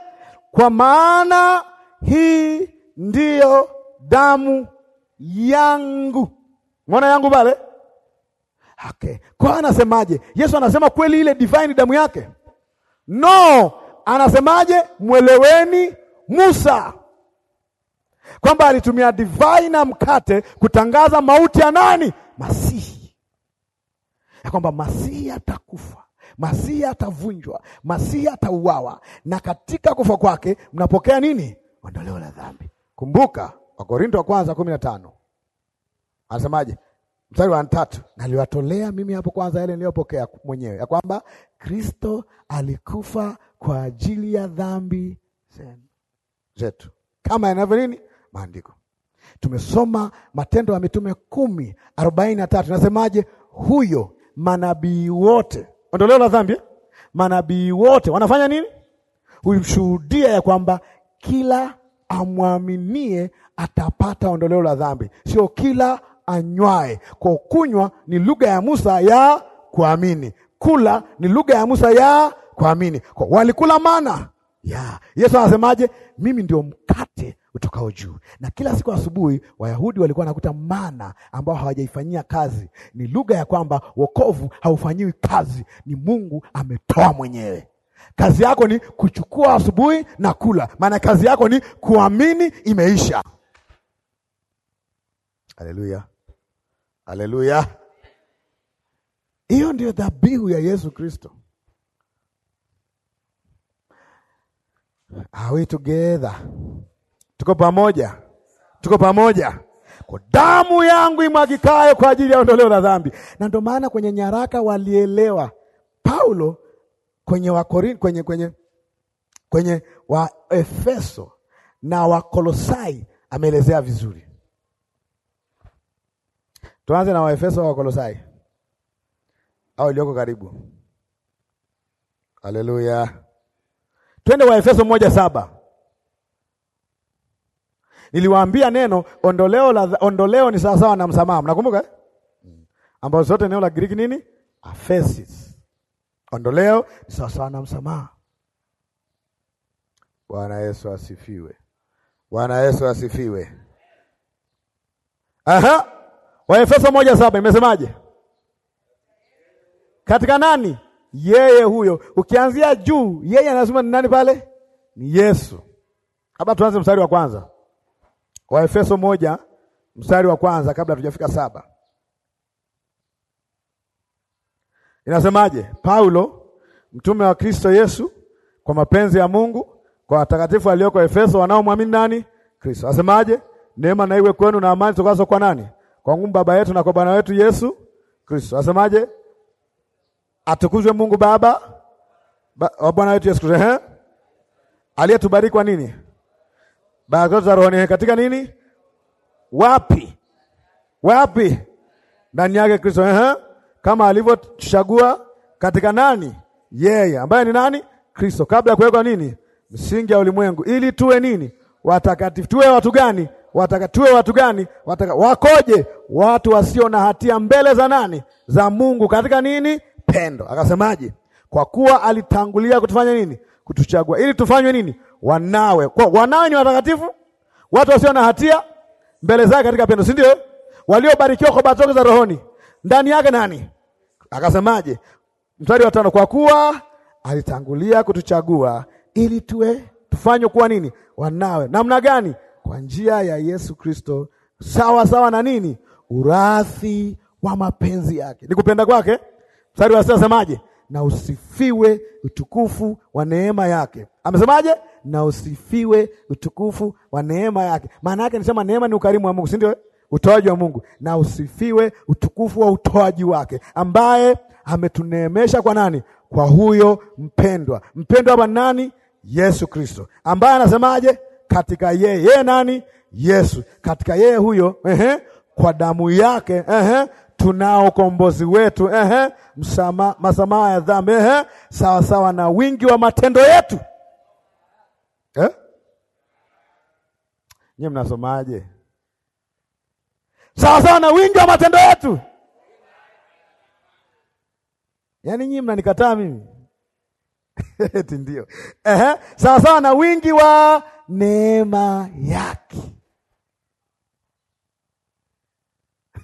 Kwa maana hii ndiyo damu yangu. mwana yangu pale, okay. Kwa anasemaje? Yesu anasema kweli ile divine damu yake? No, anasemaje? Mweleweni Musa kwamba alitumia divai na mkate kutangaza mauti ya nani? Masihi, ya kwamba Masihi atakufa, Masihi atavunjwa, Masihi atauawa, na katika kufa kwake mnapokea nini? ondoleo la dhambi. Kumbuka Wakorinto wa kwanza kumi na tano anasemaje? Mstari wa tatu, naliwatolea mimi hapo kwanza yale niliyopokea mwenyewe ya kwamba Kristo alikufa kwa ajili ya dhambi zetu kama yanavyo nini maandiko. Tumesoma Matendo ya Mitume kumi arobaini na tatu nasemaje? Huyo manabii wote, ondoleo la dhambi, eh? manabii wote wanafanya nini? Huimshuhudia ya kwamba kila amwaminie atapata ondoleo la dhambi, sio kila anywae. Kwa kunywa ni lugha ya Musa ya kuamini, kula ni lugha ya Musa ya kuamini. Kwa walikula mana ya Yesu anasemaje? Mimi ndio mkate utokao juu. Na kila siku asubuhi Wayahudi walikuwa wanakuta mana ambao hawajaifanyia kazi, ni lugha ya kwamba wokovu haufanyiwi kazi, ni Mungu ametoa mwenyewe. Kazi yako ni kuchukua asubuhi na kula, maana kazi yako ni kuamini imeisha. Haleluya, haleluya! Hiyo ndio dhabihu ya Yesu Kristo. Are we together? Tuko pamoja, tuko pamoja. Kwa damu yangu imwagikayo kwa ajili ya ondoleo la dhambi. Na ndio maana kwenye nyaraka walielewa Paulo kwenye Wakorin, kwenye kwenye kwenye Waefeso na Wakolosai ameelezea vizuri. Tuanze na Waefeso wa Wakolosai au iliyoko karibu. Haleluya, twende Waefeso moja saba. Niliwaambia neno ondoleo la, ondoleo ni sawasawa na msamaha, mnakumbuka eh? Ambazo zote neno la Greek nini? Aphesis. Ondoleo ni sawasawa na msamaha. Bwana Yesu asifiwe. Bwana Yesu asifiwe. Aha. Waefeso moja saba imesemaje? Katika nani? Yeye huyo. Ukianzia juu, yeye anasema ni nani pale? Ni Yesu. Hapa tuanze mstari wa kwanza. Waefeso moja mstari wa kwanza kabla tujafika saba. Inasemaje? Paulo mtume wa Kristo Yesu kwa mapenzi ya Mungu kwa watakatifu walioko Efeso wanaomwamini nani? Kristo. Asemaje? Neema na iwe kwenu na amani tukazo kwa nani? Kwa Mungu Baba yetu na kwa Bwana wetu Yesu Kristo. Asemaje? Atukuzwe Mungu Baba wa Bwana wetu Yesu Kristo. Aliyetubariki kwa nini? Baraka za rohoni katika nini? Wapi? Wapi? Ndani yake Kristo. -huh kama alivyotuchagua katika nani? Yeye ambaye ni nani? Kristo, kabla ya kuwekwa nini, msingi ya ulimwengu, ili tuwe nini? Watakatifu. Tuwe watu gani? Wataka, tuwe watu gani? Wataka, wakoje? Watu wasio na hatia mbele za nani? Za Mungu katika nini? Pendo. Akasemaje? Kwa kuwa alitangulia kutufanya nini? Kutuchagua ili tufanywe nini? Wanawe. Kwa wanawe ni watakatifu, watu wasio na hatia mbele zake katika pendo, si ndio? Waliobarikiwa kwa batoke za rohoni ndani yake nani? Akasemaje? Mstari wa tano, kwa kuwa alitangulia kutuchagua ili tuwe tufanywe kuwa nini? Wanawe. Namna gani? Kwa njia ya Yesu Kristo, sawa sawa na nini? Urathi wa mapenzi yake, ni kupenda kwake. Mstari wa sita semaje? Na usifiwe utukufu wa neema yake. Amesemaje? Na usifiwe utukufu wa neema yake. Maana yake nisema neema ni ukarimu wa Mungu, si ndio? utoaji wa Mungu, na usifiwe utukufu wa utoaji wake, ambaye ametuneemesha kwa nani? Kwa huyo mpendwa. Mpendwa hapa nani? Yesu Kristo, ambaye anasemaje? Katika yeye yeye nani? Yesu, katika yeye huyo, ehe, kwa damu yake, ehe, tunao ukombozi wetu, ehe, msamaha ya dhambi, ehe, sawa sawa na wingi wa matendo yetu eh? Nyie mnasomaje? sawasawa na wingi wa matendo yetu. Yaani nyinyi mnanikataa mimi (laughs) eti ndio sawasawa na wingi wa neema yake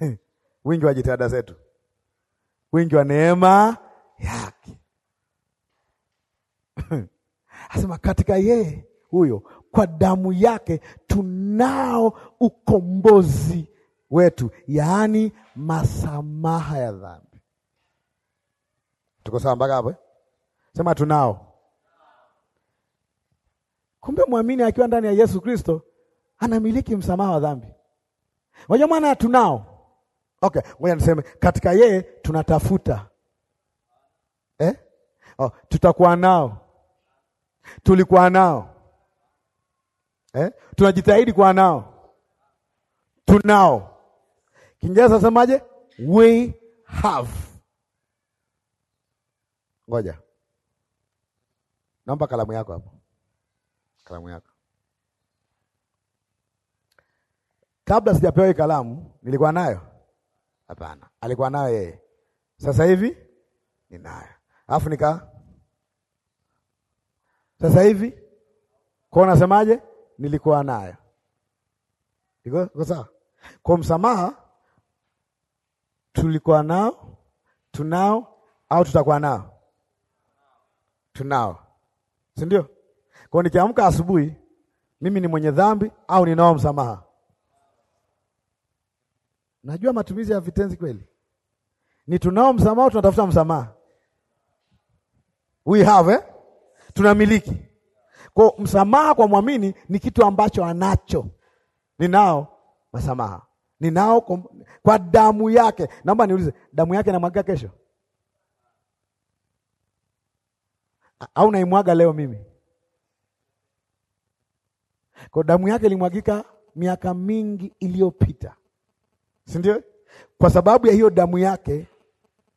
(laughs) wingi wa jitihada zetu, wingi wa neema yake (laughs) asema katika yeye huyo, kwa damu yake tunao ukombozi wetu, yaani masamaha ya dhambi. Tuko sawa mpaka hapo? Eh? Sema tunao. Kumbe mwamini akiwa ndani ya Yesu Kristo anamiliki msamaha wa dhambi. Wajua maana tunao. Okay, ngoja niseme katika yeye tunatafuta eh? Oh, tutakuwa nao, tulikuwa nao eh? Tunajitahidi kuwa nao, tunao Kiingereza nasemaje? We have. Ngoja naomba kalamu yako hapo, kalamu yako. Kabla sijapewa hii kalamu nilikuwa nayo? Hapana, alikuwa nayo yeye, sasa hivi ninayo. Alafu nika sasa hivi kwa unasemaje, nilikuwa nayo iko sawa. Kwa msamaha tulikuwa nao, tunao au tutakuwa nao? Tunao, si ndio? Kwa nikiamka asubuhi, mimi ni mwenye dhambi au ninao msamaha? Najua matumizi ya vitenzi kweli. Ni tunao msamaha, tunatafuta msamaha. We have eh? Tunamiliki. Kwa msamaha kwa mwamini ni kitu ambacho anacho. Ninao masamaha ninao kwa damu yake. Naomba niulize, damu yake namwaga kesho au naimwaga leo? Mimi kwa damu yake ilimwagika miaka mingi iliyopita, si ndio? Kwa sababu ya hiyo damu yake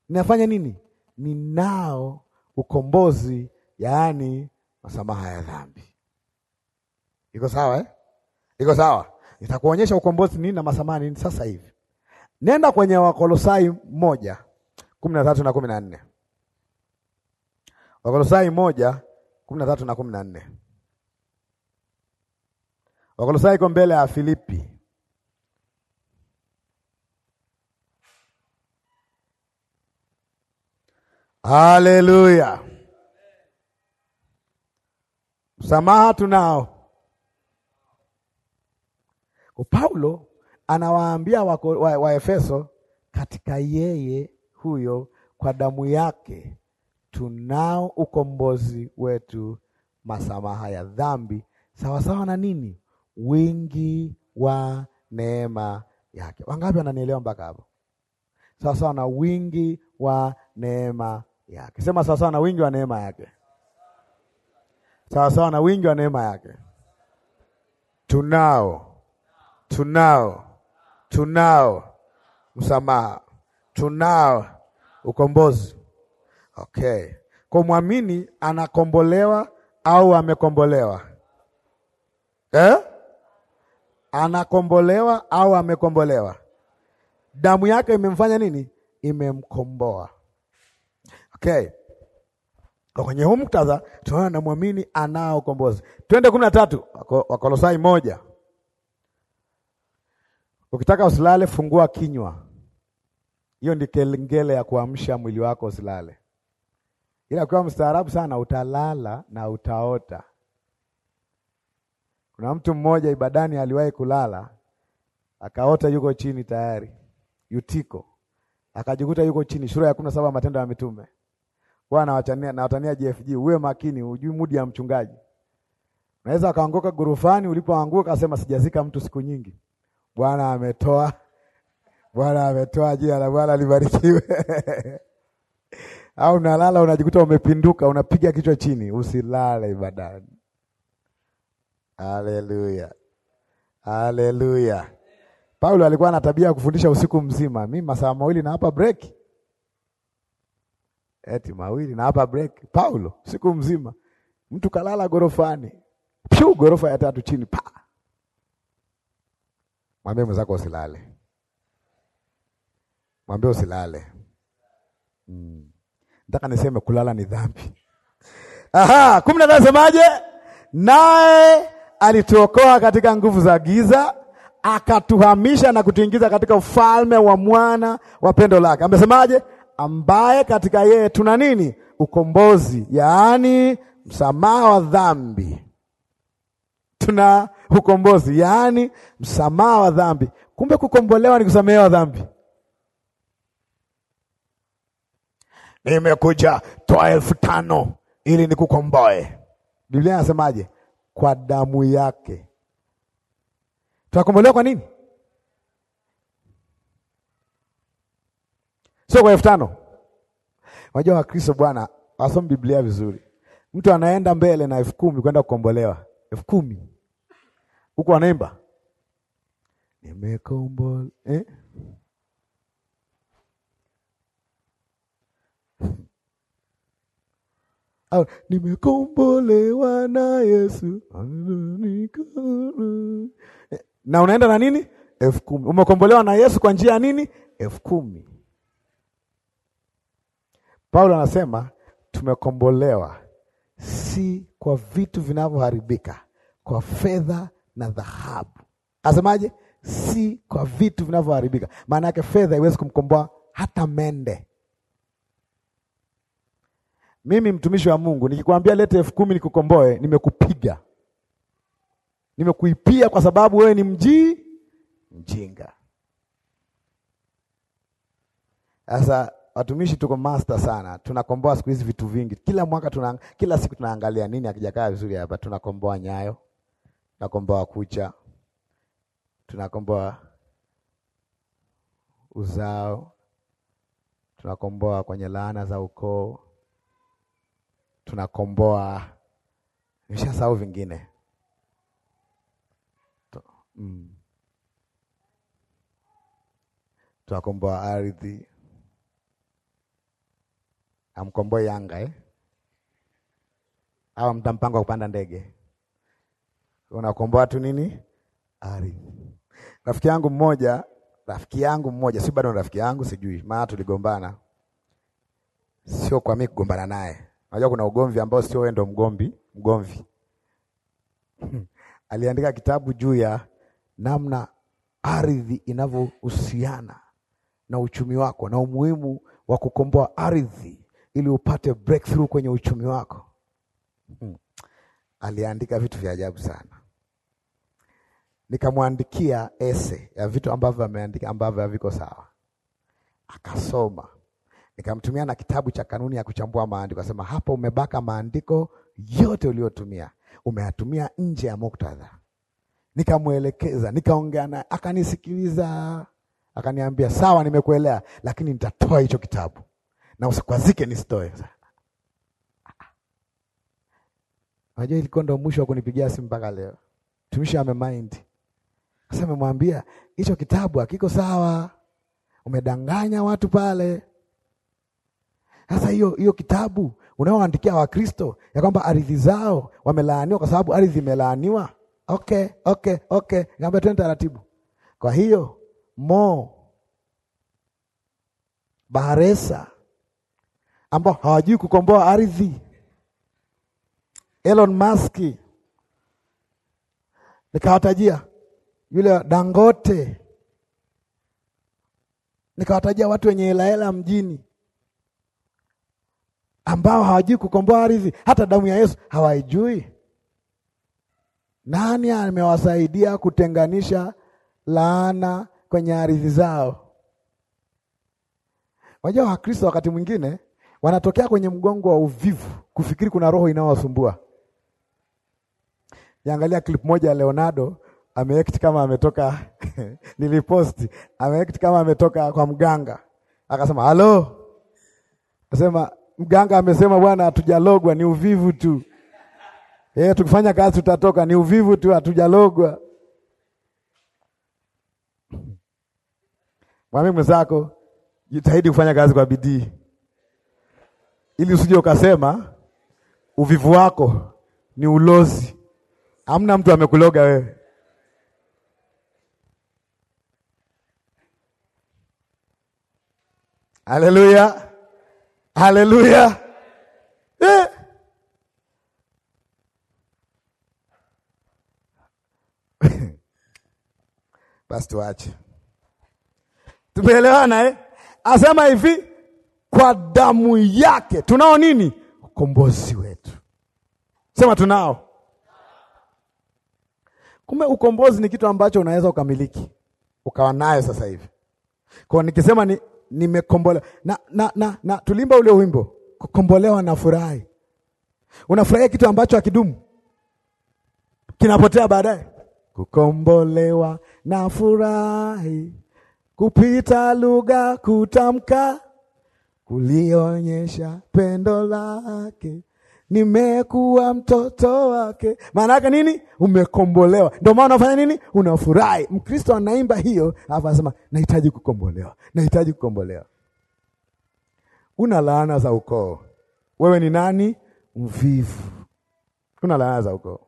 ninafanya nini? Ninao ukombozi, yaani masamaha ya dhambi. Iko sawa eh? Iko sawa Nitakuonyesha ukombozi nini na masamani nini sasa hivi. Nenda kwenye Wakolosai moja kumi na tatu na kumi na nne Wakolosai moja kumi na tatu na kumi na nne Wakolosai iko mbele ya Filipi. Haleluya! Msamaha tunao kwa Paulo anawaambia Waefeso wa, wa katika yeye huyo kwa damu yake tunao ukombozi wetu, masamaha ya dhambi sawasawa na nini, wingi wa neema yake. Wangapi wananielewa mpaka hapo? Sawasawa na wingi wa neema yake. Sema sawasawa na wingi wa neema yake, sawasawa na wingi wa neema yake tunao tunao, tunao msamaha, tunao ukombozi. Okay, kwa mwamini anakombolewa au amekombolewa eh? Anakombolewa au amekombolewa? Damu yake imemfanya nini? Imemkomboa. Okay, kwenye huu muktadha tunaona na mwamini anao ukombozi. Twende kumi na tatu Wakolosai moja Ukitaka usilale, fungua kinywa. Hiyo ndi kengele ya kuamsha mwili wako usilale, ila ukiwa mstaarabu sana utalala na utaota. Kuna mtu mmoja ibadani aliwahi kulala akaota yuko chini tayari, Yutiko akajikuta yuko chini. Sura ya kumi na saba Matendo ya Mitume. Nawatania na JFG, uwe makini, ujui mudi ya mchungaji. Naweza akaanguka gurufani, ulipoanguka, akasema sijazika mtu siku nyingi. Bwana ametoa, Bwana ametoa. Jina la Bwana libarikiwe. Au unalala unajikuta umepinduka, unapiga kichwa chini. Usilale ibadani. Haleluya, haleluya. Paulo alikuwa na tabia ya kufundisha usiku mzima. Mi masaa mawili na hapa break, eti mawili na hapa break. Paulo usiku mzima, mtu kalala gorofani, pyu, gorofa ya tatu chini, pa Mwambie mwenzako usilale. Mwambie usilale. Mm. Nataka niseme kulala ni dhambi. Aha, kumi na tano semaje? Naye alituokoa katika nguvu za giza, akatuhamisha na kutuingiza katika ufalme wa mwana wa pendo lake. Amesemaje? Ambaye katika yeye tuna nini? Ukombozi, yaani msamaha wa dhambi. Tuna ukombozi, yaani msamaha wa dhambi. Kumbe kukombolewa ni kusamehewa dhambi. Nimekuja toa elfu tano ili nikukomboe. Biblia inasemaje? Kwa damu yake tunakombolewa. Kwa nini? Sio kwa elfu tano. Wajua Wakristo bwana, wasomi Biblia vizuri. Mtu anaenda mbele na elfu kumi kwenda kukombolewa, elfu kumi huku anaimba nimekombolewa eh? nimekombolewa na Yesu eh, na unaenda na nini elfu kumi umekombolewa na Yesu kwa njia ya nini elfu kumi Paulo anasema tumekombolewa si kwa vitu vinavyoharibika, kwa fedha na dhahabu. Asemaje? Si kwa vitu vinavyoharibika. Maana yake fedha haiwezi kumkomboa hata mende. Mimi mtumishi wa Mungu nikikwambia lete elfu kumi nikukomboe, nimekupiga, nimekuipia, kwa sababu wewe ni mjii mjinga. Sasa watumishi tuko master sana, tunakomboa siku hizi vitu vingi. Kila mwaka tuna, kila siku tunaangalia nini akijakaa vizuri hapa, tunakomboa Nyayo tunakomboa kucha, tunakomboa uzao, tunakomboa kwenye laana za ukoo, tunakomboa nishasahau vingine mm. Tunakomboa ardhi, amkomboe Yanga eh? Au mtampango wa kupanda ndege unakomboa tu nini ardhi. Rafiki yangu mmoja, rafiki yangu mmoja, si bado rafiki yangu, sijui maana tuligombana, sio kwa mimi kugombana naye. Unajua kuna ugomvi ambao sio wewe ndo mgombi mgomvi (laughs) aliandika kitabu juu ya namna ardhi inavyohusiana na uchumi wako na umuhimu wa kukomboa ardhi ili upate breakthrough kwenye uchumi wako. Hmm aliandika vitu vya ajabu sana. Nikamwandikia ese ya vitu ambavyo ameandika ambavyo haviko sawa, akasoma. Nikamtumia na kitabu cha kanuni ya kuchambua maandiko, asema hapa umebaka maandiko yote uliotumia umeyatumia nje ya muktadha. Nikamwelekeza, nikaongea naye, akanisikiliza, akaniambia sawa, nimekuelewa, lakini nitatoa hicho kitabu na usikwazike nisitoe. Unajua ilikuwa ndo mwisho wa kunipigia simu mpaka leo. Mtumishi amemind. Sasa amemwambia hicho kitabu hakiko sawa. Umedanganya watu pale. Sasa hiyo hiyo kitabu unaoandikia Wakristo ya kwamba ardhi zao wamelaaniwa kwa sababu ardhi imelaaniwa. Okay, okay, okay. Ngambia tena taratibu. Kwa hiyo Mo Baresa ambao hawajui kukomboa ardhi Elon Musk, nikawatajia yule Dangote, nikawatajia watu wenye hela hela mjini ambao hawajui kukomboa ardhi, hata damu ya Yesu hawaijui. Nani amewasaidia kutenganisha laana kwenye ardhi zao? Wajua Wakristo wakati mwingine wanatokea kwenye mgongo wa uvivu kufikiri kuna roho inayowasumbua Niangalia clip moja ya Leonardo ameact kama ametoka (laughs) niliposti, ameact kama ametoka kwa mganga, akasema halo, Akasema, mganga amesema bwana, hatujalogwa ni uvivu tu Eh, tukifanya kazi tutatoka, ni uvivu tu, hatujalogwa. Mwami mwenzako jitahidi kufanya kazi kwa bidii, ili usije ukasema uvivu wako ni ulozi. Hamna mtu amekuloga wewe. Haleluya, haleluya eh. (laughs) Basi tuache, tumeelewana eh? Asema hivi, kwa damu yake tunao nini? Ukombozi wetu. Sema tunao Kumbe ukombozi ni kitu ambacho unaweza ukamiliki ukawa nayo sasa hivi. Kwa nikisema ni nimekombolewa na, na, na, na tulimba ule wimbo kukombolewa na furahi. Unafurahia kitu ambacho hakidumu, kinapotea baadaye. Kukombolewa na furahi kupita lugha kutamka, kulionyesha pendo lake nimekuwa mtoto wake. Maana yake nini? Umekombolewa. Ndio maana unafanya nini? Unafurahi. Mkristo anaimba hiyo, alafu anasema nahitaji kukombolewa, nahitaji kukombolewa. Una laana za ukoo. Wewe ni nani? Mvivu. Una laana za ukoo.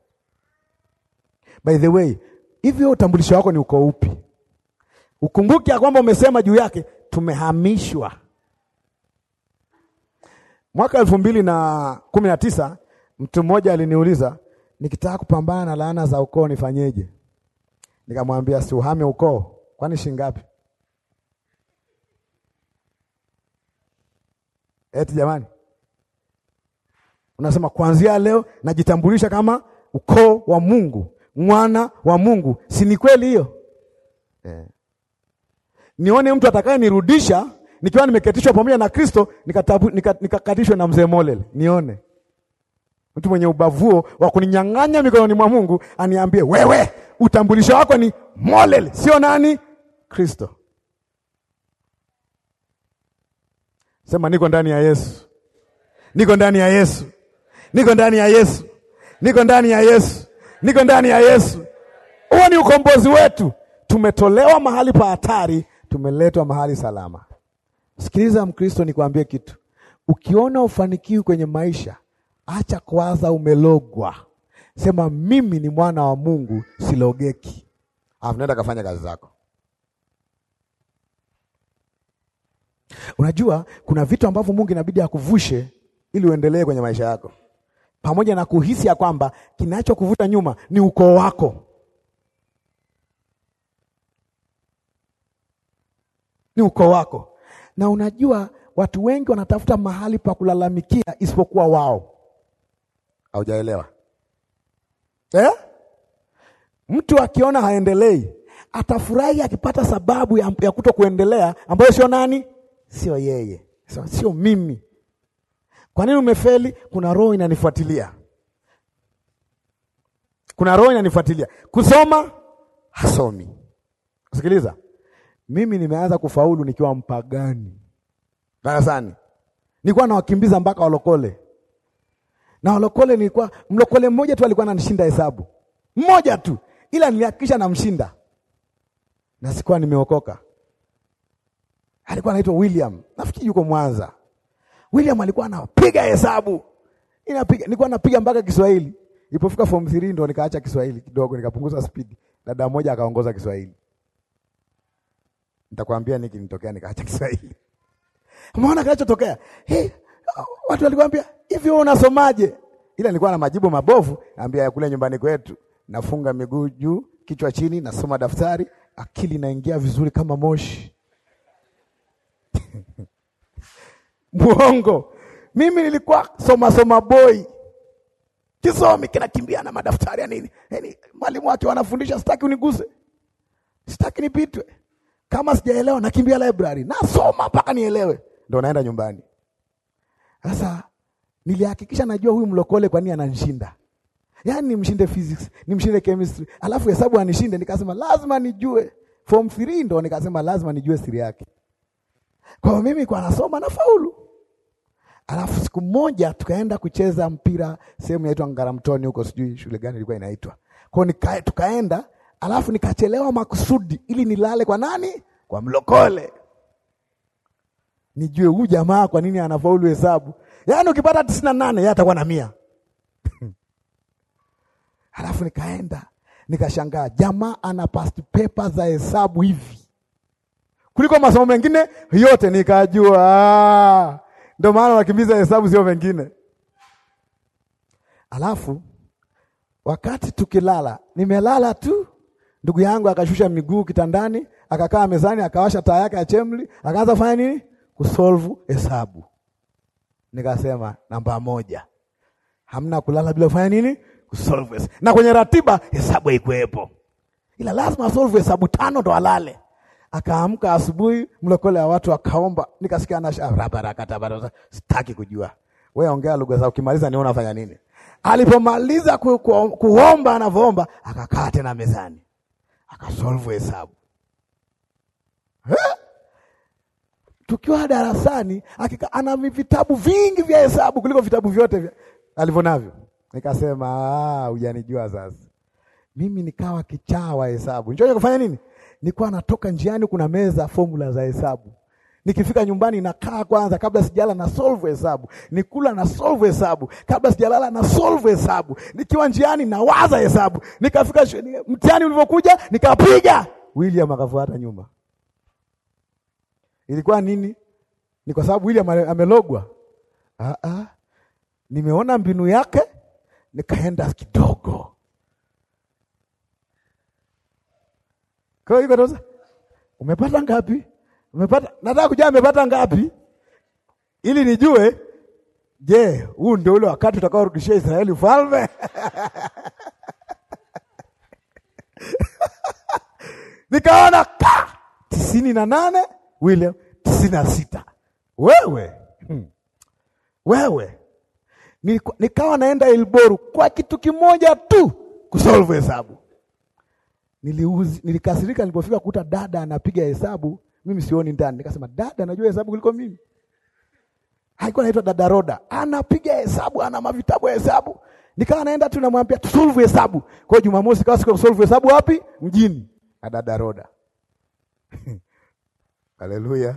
By the way, hivyo utambulisho wako ni ukoo upi? Ukumbuke ya kwamba umesema juu yake tumehamishwa Mwaka elfu mbili na kumi na tisa mtu mmoja aliniuliza nikitaka kupambana na laana za ukoo nifanyeje? Nikamwambia si uhame ukoo, kwani shingapi? Eti jamani, unasema kuanzia leo najitambulisha kama ukoo wa Mungu, mwana wa Mungu, si ni kweli hiyo eh? Nione mtu atakaye nirudisha nikiwa nimeketishwa pamoja na Kristo nikakatishwe na mzee Molele, nione mtu mwenye ubavuo wa kuninyang'anya mikononi mwa Mungu aniambie, wewe utambulisho wako ni Molele, sio nani? Kristo. Sema niko ndani ya Yesu, niko ndani ya Yesu, niko ndani ya Yesu, niko ndani ya Yesu, niko ndani ya Yesu. Huo ni ukombozi wetu. Tumetolewa mahali pa hatari, tumeletwa mahali salama. Sikiliza Mkristo, nikuambie kitu. Ukiona ufanikiwi kwenye maisha, acha kuwaza umelogwa, sema mimi ni mwana wa Mungu, silogeki. Alafu nenda kafanya kazi zako. Unajua kuna vitu ambavyo Mungu inabidi akuvushe ili uendelee kwenye maisha yako, pamoja na kuhisi ya kwamba kinachokuvuta nyuma ni ukoo wako, ni ukoo wako na unajua watu wengi wanatafuta mahali pa kulalamikia isipokuwa wao. Haujaelewa eh? Mtu akiona haendelei atafurahi akipata sababu ya, ya kuto kuendelea ambayo sio nani, sio yeye, sio, sio mimi. Kwa nini umefeli? Kuna roho inanifuatilia, kuna roho inanifuatilia. Kusoma hasomi, sikiliza mimi nimeanza kufaulu nikiwa mpagani darasani, nilikuwa nawakimbiza mpaka walokole na walokole. Nilikuwa mlokole mmoja tu alikuwa ananishinda hesabu, mmoja tu, ila nilihakikisha namshinda, na sikuwa nimeokoka. Alikuwa anaitwa William, nafikiri yuko Mwanza. William alikuwa anapiga hesabu, inapiga, nilikuwa napiga mpaka Kiswahili. Ilipofika form 3 ndo nikaacha Kiswahili kidogo, nikapunguza speed. Dada moja akaongoza Kiswahili. Nitakwambia nini kinitokea nikaacha Kiswahili. Umeona kinachotokea? Hey, watu walikwambia hivi wewe unasomaje? Ila nilikuwa na majibu mabovu, naambia ya kule nyumbani kwetu, nafunga miguu juu, kichwa chini, nasoma daftari, akili inaingia vizuri kama moshi. (laughs) Muongo. Mimi nilikuwa soma soma boy. Kisomi kinakimbia na madaftari ya nini? Yaani mwalimu wake wanafundisha sitaki uniguse. Sitaki nipitwe. Kama sijaelewa nakimbia library, nasoma mpaka nielewe, ndo naenda nyumbani. Sasa nilihakikisha najua huyu mlokole kwa nini ananishinda, yaani nimshinde physics, nimshinde chemistry, alafu hesabu anishinde. Nikasema lazima nijue form 3, ndo nikasema lazima nijue siri yake. Kwa hiyo mimi kwa nasoma na faulu. Alafu siku moja tukaenda kucheza mpira sehemu inaitwa Ngaramtoni huko, sijui shule gani ilikuwa inaitwa. Kwa hiyo tukaenda alafu nikachelewa makusudi ili nilale kwa nani? Kwa mlokole, nijue huyu jamaa kwa nini anafaulu hesabu. Yaani ukipata tisini na nane yeye atakuwa na mia (laughs) alafu nikaenda nikashangaa, jamaa ana past paper za hesabu hivi kuliko masomo mengine yote. Nikajua ndio maana wakimbiza hesabu, sio mengine. Alafu wakati tukilala, nimelala tu Ndugu yangu akashusha miguu kitandani, akakaa mezani, akawasha taa yake ya chemli, akaanza kufanya nini? Kusolve hesabu. Nikasema namba moja, hamna kulala bila kufanya nini? Kusolve. Na kwenye ratiba hesabu haikuwepo, ila lazima asolve hesabu tano ndo alale. Akaamka asubuhi, mlokole wa watu akaomba, nikasikia anashabarakatabara. Sitaki kujua, wewe ongea lugha za ukimaliza niona unafanya nini. Alipomaliza ku, ku, kuomba anavyoomba, akakaa tena mezani akasolvu hesabu Tukiwa darasani akika, ana vitabu vingi vya hesabu kuliko vitabu vyote vya navyo Nikasema ah, hujanijua sasa. Mimi nikawa kichaa wa hesabu. Nichoje kufanya nini? nikuwa natoka njiani, kuna meza fomula za hesabu, Nikifika nyumbani nakaa kwanza, kabla sijala na solve hesabu, nikula na solve hesabu, kabla sijalala na solve hesabu, nikiwa njiani nawaza hesabu. Nikafika mtihani ulivyokuja, nikapiga. William akafuata nyuma. Ilikuwa nini? Ni kwa sababu William amelogwa? Ah ah, nimeona mbinu yake, nikaenda kidogo. Kwa hiyo umepata ngapi? Umepata, nataka kujua amepata ngapi ili nijue. Je, huu ndio ule wakati utakaorudishia Israeli ufalme? (laughs) Nikaona ka tisini na nane William tisini na sita wewe hmm. Wewe nikawa naenda Ilboru kwa kitu kimoja tu, kusolve hesabu. Nilikasirika nilipofika kuta dada anapiga hesabu mimi sioni ndani. Nikasema dada anajua hesabu kuliko mimi. Haikuwa anaitwa dada Roda, anapiga hesabu, ana mavitabu ya hesabu. Nikawa naenda tu namwambia tusolve hesabu. Kwa hiyo Jumamosi kawa siku kusolve hesabu wapi? Mjini. Na dada Roda. (laughs) Haleluya.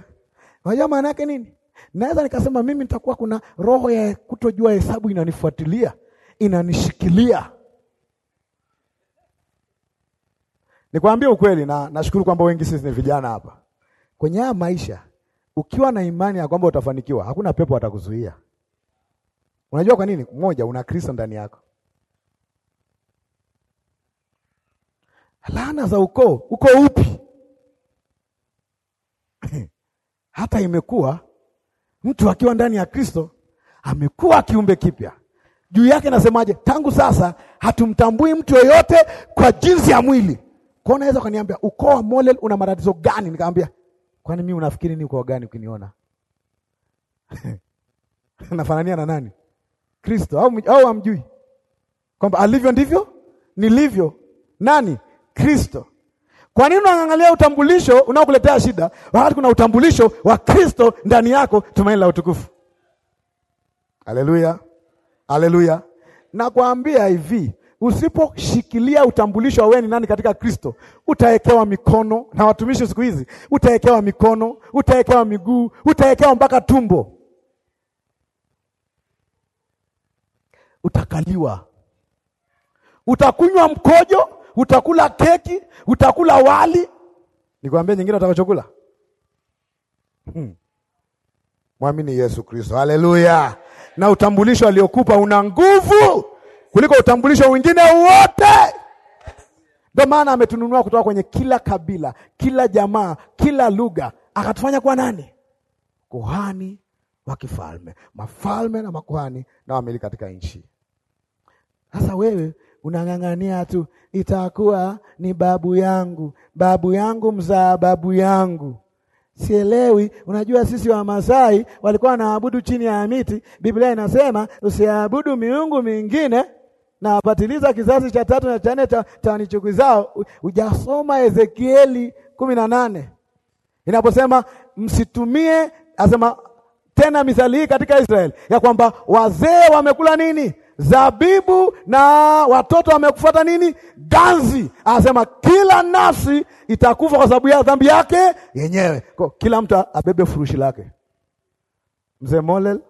Unajua maana yake nini? Naweza nikasema mimi nitakuwa kuna roho ya kutojua hesabu inanifuatilia, inanishikilia. Nikwambie ukweli na nashukuru kwamba wengi sisi ni vijana hapa. Kwenye haya maisha ukiwa na imani ya kwamba utafanikiwa, hakuna pepo atakuzuia. Unajua kwa nini? Moja, una Kristo ndani yako. Laana za ukoo uko upi? (laughs) Hata imekuwa mtu akiwa ndani ya Kristo amekuwa kiumbe kipya. Juu yake nasemaje? Tangu sasa hatumtambui mtu yoyote kwa jinsi ya mwili. Kwa unaweza ukaniambia ukoo wa Molel una matatizo gani? Nikamwambia Kwani mimi unafikiri ni kwa gani ukiniona? (laughs) Nafanania na nani? Kristo au au amjui kwamba alivyo ndivyo nilivyo? Nani? Kristo. Kwa nini unaangalia utambulisho unaokuletea shida wakati kuna utambulisho wa Kristo ndani yako, tumaini la utukufu? Haleluya, haleluya. Nakwambia hivi, Usiposhikilia utambulisho wa wewe ni nani katika Kristo, utawekewa mikono na watumishi siku hizi, utawekewa mikono, utawekewa miguu, utawekewa mpaka tumbo, utakaliwa, utakunywa mkojo, utakula keki, utakula wali. Nikwambie nyingine utakachokula hmm. Mwamini Yesu Kristo, haleluya! Na utambulisho aliokupa una nguvu kuliko utambulisho mwingine wote. Ndio maana ametununua kutoka kwenye kila kabila, kila jamaa, kila lugha, akatufanya kuwa nani? Kuhani wa kifalme, mafalme na makuhani na wamiliki katika nchi. Sasa wewe unang'ang'ania tu, itakuwa ni babu yangu, babu yangu mzaa babu yangu. Sielewi. Unajua, sisi Wamasai walikuwa wanaabudu chini ya miti. Biblia inasema usiabudu miungu mingine na apatiliza kizazi cha tatu na cha nne cha, cha wanichukizao. Hujasoma Ezekieli kumi na nane inaposema msitumie, asema tena mithali hii katika Israeli ya kwamba wazee wamekula nini? Zabibu na watoto wamekufuata nini? Ganzi. Anasema kila nafsi itakufa kwa sababu ya dhambi yake yenyewe. Kwa kila mtu abebe furushi lake. Mzee Molel,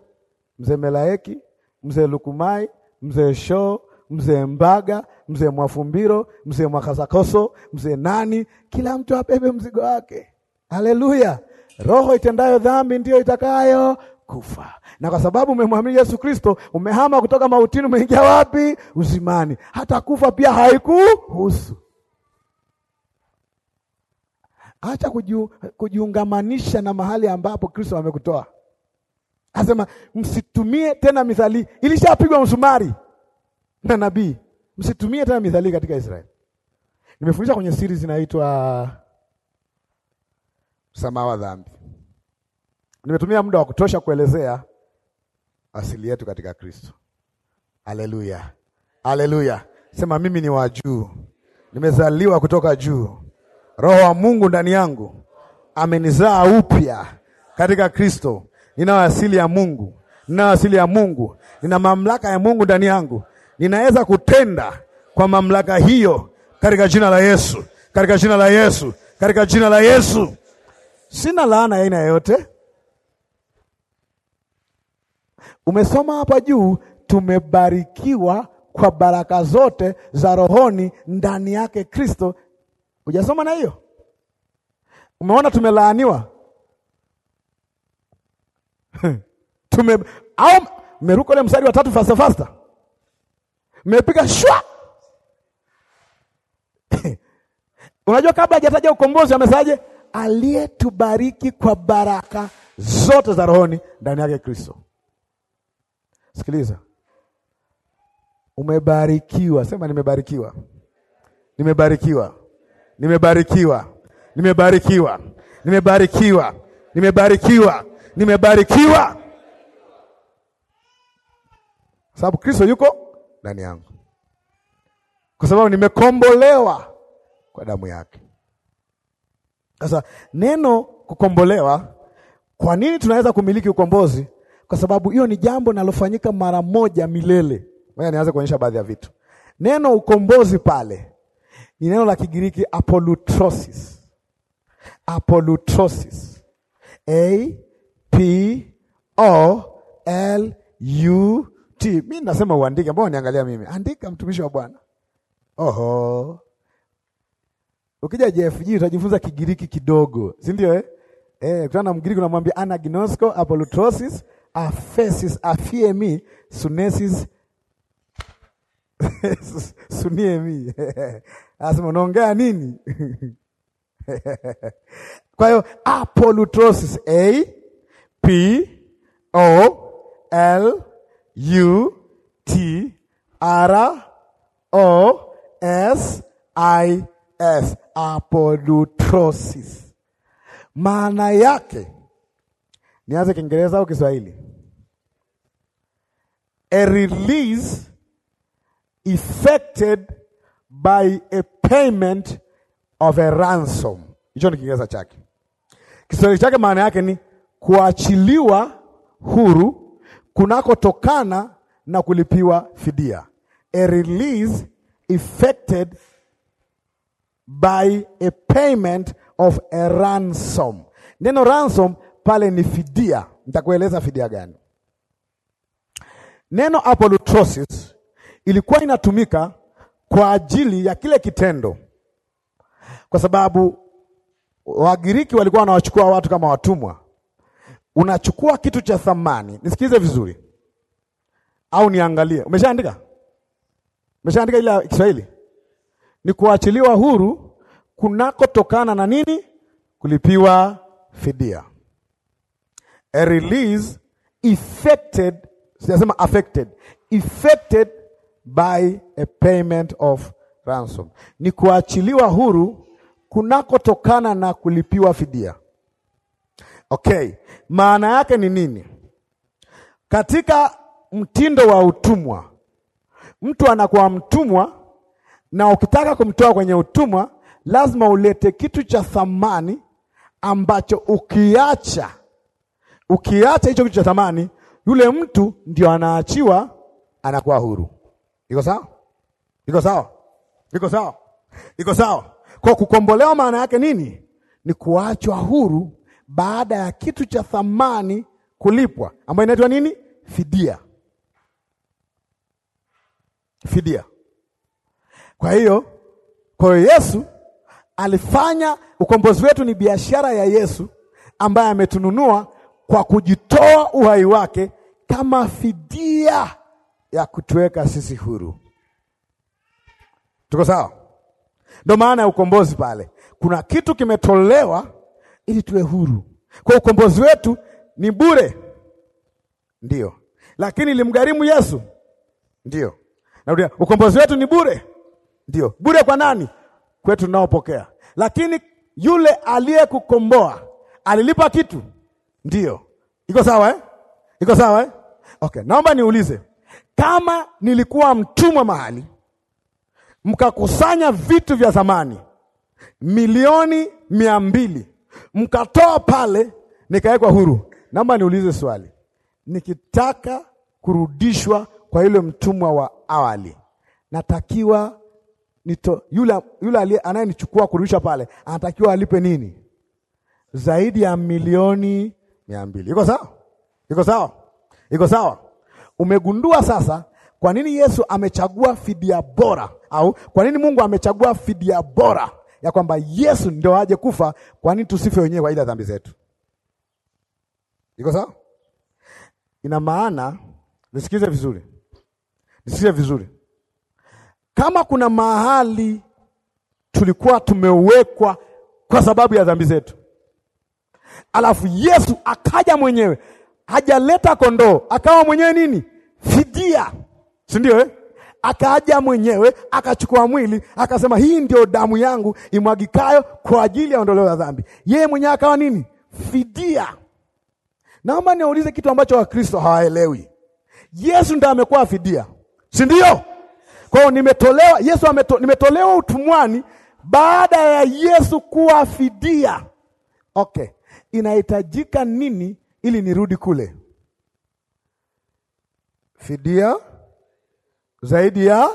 mzee Melaeki, mzee Lukumai, mzee Shoo, mzee Mbaga, mzee Mwafumbiro, mzee Mwakazakoso, mzee nani, kila mtu abebe mzigo wake. Haleluya! roho itendayo dhambi ndiyo itakayo kufa, na kwa sababu umemwamini Yesu Kristo umehama kutoka mautini, umeingia wapi? Uzimani. Hata kufa pia haikuhusu. Acha kujiungamanisha na mahali ambapo Kristo amekutoa. Asema msitumie tena mithali, ilishapigwa msumari na nabii. Msitumie tena mithali katika Israeli. Nimefundisha kwenye series inaitwa msamaha wa dhambi. Nimetumia muda wa kutosha kuelezea asili yetu katika Kristo. Haleluya, haleluya! Sema mimi ni wa juu, nimezaliwa kutoka juu. Roho wa Mungu ndani yangu amenizaa upya katika Kristo. Ninayo asili ya Mungu, ninayo asili ya Mungu, nina mamlaka ya Mungu ndani yangu ninaweza kutenda kwa mamlaka hiyo katika jina la Yesu, katika jina la Yesu, katika jina la Yesu. Sina laana ya aina yoyote. Umesoma hapa juu, tumebarikiwa kwa baraka zote za rohoni ndani yake Kristo. Hujasoma na hiyo? Umeona tumelaaniwa (laughs) tume au meruka ule mstari wa tatu fasta fasta mmepiga shwa. (laughs) Unajua, kabla hajataja ukombozi amesaje? Aliyetubariki kwa baraka zote za rohoni ndani yake Kristo. Sikiliza, umebarikiwa. Sema nimebarikiwa, nimebarikiwa, nimebarikiwa, nimebarikiwa, nimebarikiwa, nimebarikiwa, nimebarikiwa, sababu Kristo yuko ndani yangu, kwa sababu nimekombolewa kwa damu yake. Sasa neno kukombolewa, kwa nini tunaweza kumiliki ukombozi? Kwa sababu hiyo ni jambo linalofanyika mara moja milele. Ngoja nianze kuonyesha baadhi ya vitu. Neno ukombozi pale ni neno la Kigiriki apolutrosis. Apolutrosis. A P O L U ti. Mi nasema uandike, mbona niangalia mimi? Andika mtumishi wa Bwana. Oho. Ukija JFG utajifunza Kigiriki kidogo, si ndio eh? Eh, kutana na Mgiriki unamwambia anagnosko, apolutrosis, aphesis, afiemi, sunesis (laughs) suniemi. (laughs) asema unaongea nini? (laughs) Kwa hiyo apolutrosis A P O L U T R O S I S, apodutrosis. Maana yake, nianze Kiingereza au Kiswahili? A release effected by a payment of a ransom. Hicho ni Kiingereza chake. Kiswahili chake maana yake ni kuachiliwa huru kunakotokana na kulipiwa fidia, a release effected by a payment of a ransom. Neno ransom pale ni fidia, nitakueleza fidia gani. Neno apolutrosis ilikuwa inatumika kwa ajili ya kile kitendo, kwa sababu Wagiriki walikuwa wanawachukua watu kama watumwa unachukua kitu cha thamani. Nisikize vizuri au niangalie, umeshaandika? Umeshaandika ile Kiswahili ni kuachiliwa huru kunakotokana na nini? Kulipiwa fidia, a release effected, sijasema affected, effected by a payment of ransom, ni kuachiliwa huru kunakotokana na kulipiwa fidia. Okay, maana yake ni nini? Katika mtindo wa utumwa, mtu anakuwa mtumwa, na ukitaka kumtoa kwenye utumwa lazima ulete kitu cha thamani ambacho ukiacha, ukiacha hicho kitu cha thamani, yule mtu ndio anaachiwa, anakuwa huru. Iko sawa? Iko sawa? Iko sawa? Iko sawa? Kwa kukombolewa maana yake nini? Ni kuachwa huru baada ya kitu cha thamani kulipwa, ambayo inaitwa nini? Fidia. Fidia. Kwa hiyo, kwa hiyo Yesu alifanya ukombozi wetu, ni biashara ya Yesu ambaye ametununua kwa kujitoa uhai wake kama fidia ya kutuweka sisi huru. Tuko sawa? Ndio maana ya ukombozi pale, kuna kitu kimetolewa ili tuwe huru. Kwa ukombozi wetu ni bure, ndio, lakini ilimgharimu Yesu, ndio. Narudia, ukombozi wetu ni bure, ndio, bure kwa nani? Kwetu tunaopokea. Lakini yule aliyekukomboa alilipa kitu, ndio. Iko sawa eh? Iko sawa eh? Okay, naomba niulize, kama nilikuwa mtumwa mahali mkakusanya vitu vya zamani milioni mia mbili mkatoa pale, nikawekwa huru. Naomba niulize swali, nikitaka kurudishwa kwa yule mtumwa wa awali, natakiwa nito, yule yule anayenichukua kurudisha pale anatakiwa alipe nini? Zaidi ya milioni mia mbili. Iko sawa? Iko sawa? Iko sawa? Umegundua sasa kwa nini Yesu amechagua fidia bora, au kwa nini Mungu amechagua fidia bora? ya kwamba Yesu ndio aje kufa, nini tusife wenyewe kwa ajili ya dhambi zetu. Iko sawa? Ina maana, nisikize vizuri, nisikize vizuri. Kama kuna mahali tulikuwa tumewekwa kwa sababu ya dhambi zetu, alafu Yesu akaja mwenyewe, hajaleta kondoo, akawa mwenyewe nini? Fidia, si ndio eh? akaja mwenyewe akachukua mwili akasema, hii ndio damu yangu imwagikayo kwa ajili ya ondoleo la dhambi. Yeye mwenyewe akawa nini? Fidia. Naomba niwaulize kitu ambacho Wakristo hawaelewi. Yesu ndiye amekuwa fidia, si ndio? Kwa hiyo nimetolewa, Yesu ameto, nimetolewa utumwani baada ya Yesu kuwa fidia. Okay, inahitajika nini ili nirudi kule? Fidia zaidi ya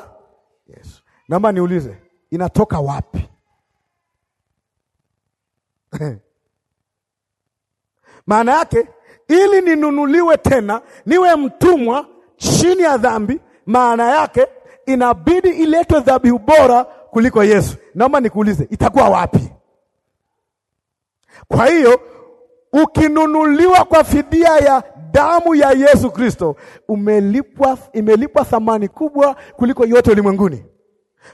Yesu. Naomba niulize, inatoka wapi? (laughs) maana yake ili ninunuliwe tena niwe mtumwa chini ya dhambi, maana yake inabidi iletwe dhabihu bora kuliko Yesu. Naomba nikuulize, itakuwa wapi? Kwa hiyo ukinunuliwa kwa fidia ya damu ya Yesu Kristo umelipwa, imelipwa thamani kubwa kuliko yote ulimwenguni.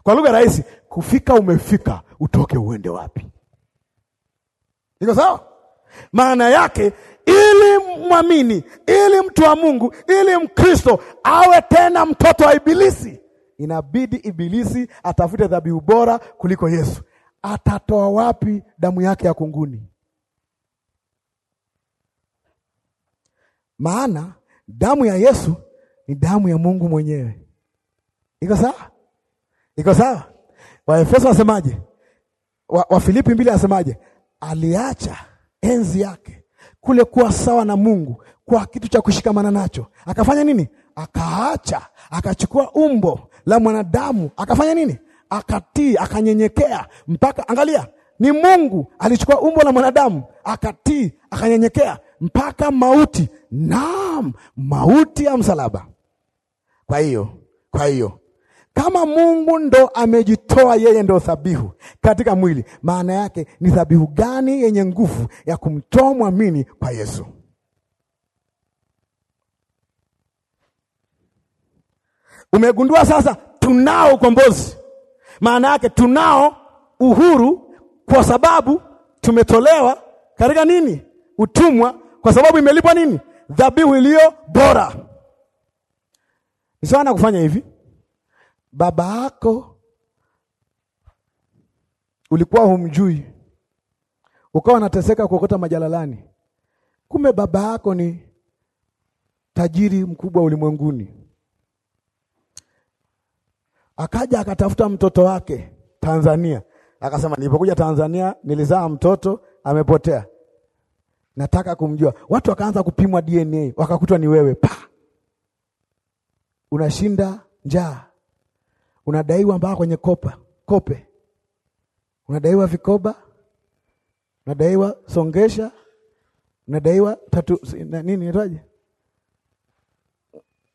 Kwa lugha rahisi, kufika umefika, utoke uende wapi? Niko sawa? Maana yake ili mwamini, ili mtu wa Mungu, ili Mkristo awe tena mtoto wa Ibilisi, inabidi Ibilisi atafute dhabihu bora kuliko Yesu. Atatoa wapi damu yake ya kunguni? maana damu ya Yesu ni damu ya Mungu mwenyewe. Iko sawa? Iko sawa? Waefeso wasemaje? Wafilipi wa mbili asemaje Aliacha enzi yake kule kuwa sawa na Mungu kwa kitu cha kushikamana nacho, akafanya nini? Akaacha, akachukua umbo la mwanadamu, akafanya nini? Akatii, akanyenyekea mpaka, angalia, ni Mungu alichukua umbo la mwanadamu, akatii, akanyenyekea mpaka mauti, naam, mauti ya msalaba. Kwa hiyo kwa hiyo kama Mungu ndo amejitoa yeye ndo dhabihu katika mwili, maana yake ni dhabihu gani yenye nguvu ya kumtoa mwamini kwa Yesu? Umegundua sasa, tunao ukombozi, maana yake tunao uhuru, kwa sababu tumetolewa katika nini? Utumwa kwa sababu imelipwa nini? Dhabihu iliyo bora. Ni sawa na kufanya hivi, baba yako ulikuwa humjui, ukawa unateseka kuokota majalalani, kumbe baba yako ni tajiri mkubwa ulimwenguni, akaja akatafuta mtoto wake Tanzania, akasema nilipokuja Tanzania nilizaa mtoto amepotea, nataka kumjua. Watu wakaanza kupimwa DNA, wakakutwa ni wewe. Pa, unashinda njaa, unadaiwa mpaka kwenye kopa kope, unadaiwa vikoba, unadaiwa songesha, unadaiwa tatu nini inaitwaje,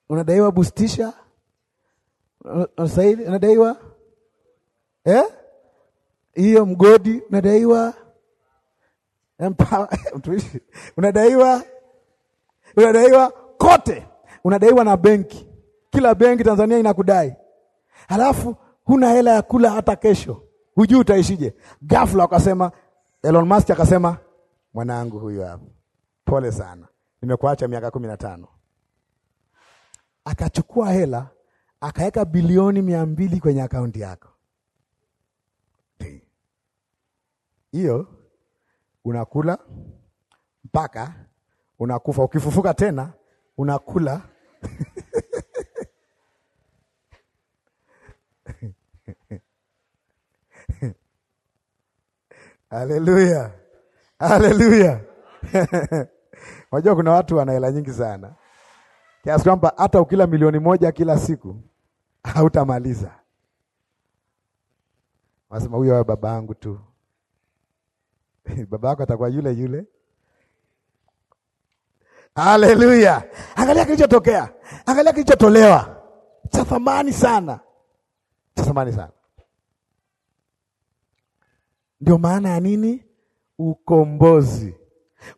unadaiwa bustisha, unadaiwa eh, hiyo mgodi, unadaiwa (laughs) mtumishi unadaiwa, unadaiwa kote, unadaiwa na benki, kila benki Tanzania inakudai, halafu huna hela ya kula hata kesho, hujui utaishije. Ghafla akasema Elon Musk akasema, mwanangu huyu hapo pole sana, nimekuacha miaka kumi na tano. Akachukua hela akaweka bilioni mia mbili kwenye akaunti yako hiyo unakula mpaka unakufa. Ukifufuka tena unakula Haleluya, haleluya! Unajua kuna watu wana hela nyingi sana kiasi kwamba hata ukila milioni moja kila siku hautamaliza. Wasema huyo awe baba yangu tu. (laughs) baba yako atakuwa yule yule. Haleluya! Angalia kilichotokea, angalia kilichotolewa cha thamani sana, cha thamani sana. Ndio maana ya nini? Ukombozi.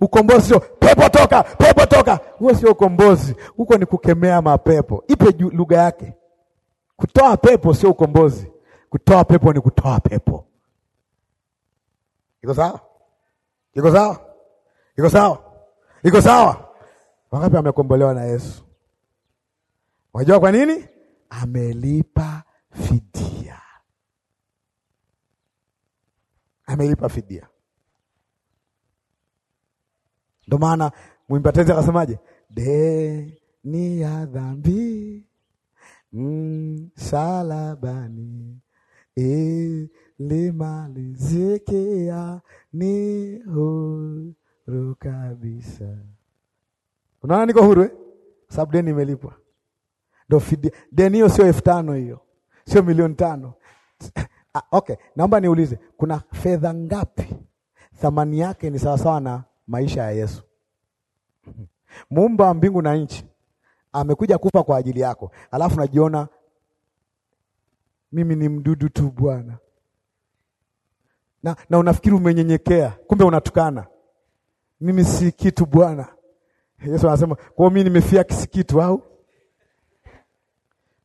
Ukombozi sio pepo toka, pepo toka. Huo sio ukombozi, huko ni kukemea mapepo. Ipe lugha yake. Kutoa pepo sio ukombozi, kutoa pepo ni kutoa pepo. Iko sawa? Iko sawa? Iko sawa? Iko sawa? Wangapi amekombolewa na Yesu? Unajua kwa nini? Amelipa fidia. Amelipa fidia. Ndio maana mwimbatezi akasemaje? Deni ya dhambi msalabani ilimalizikia. Mm, ni huru kabisa. Unaona niko huru eh? Sababu deni imelipwa. Ndio fidia. Deni hiyo sio elfu tano hiyo. Sio milioni tano. Ah, okay, naomba niulize, kuna fedha ngapi thamani yake ni sawasawa na maisha ya Yesu? Muumba wa mbingu na nchi amekuja kufa kwa ajili yako, alafu najiona mimi ni mdudu tu Bwana na, na unafikiri umenyenyekea, kumbe unatukana. Mimi si kitu Bwana. Yesu anasema kwa mimi nimefia kisikitu au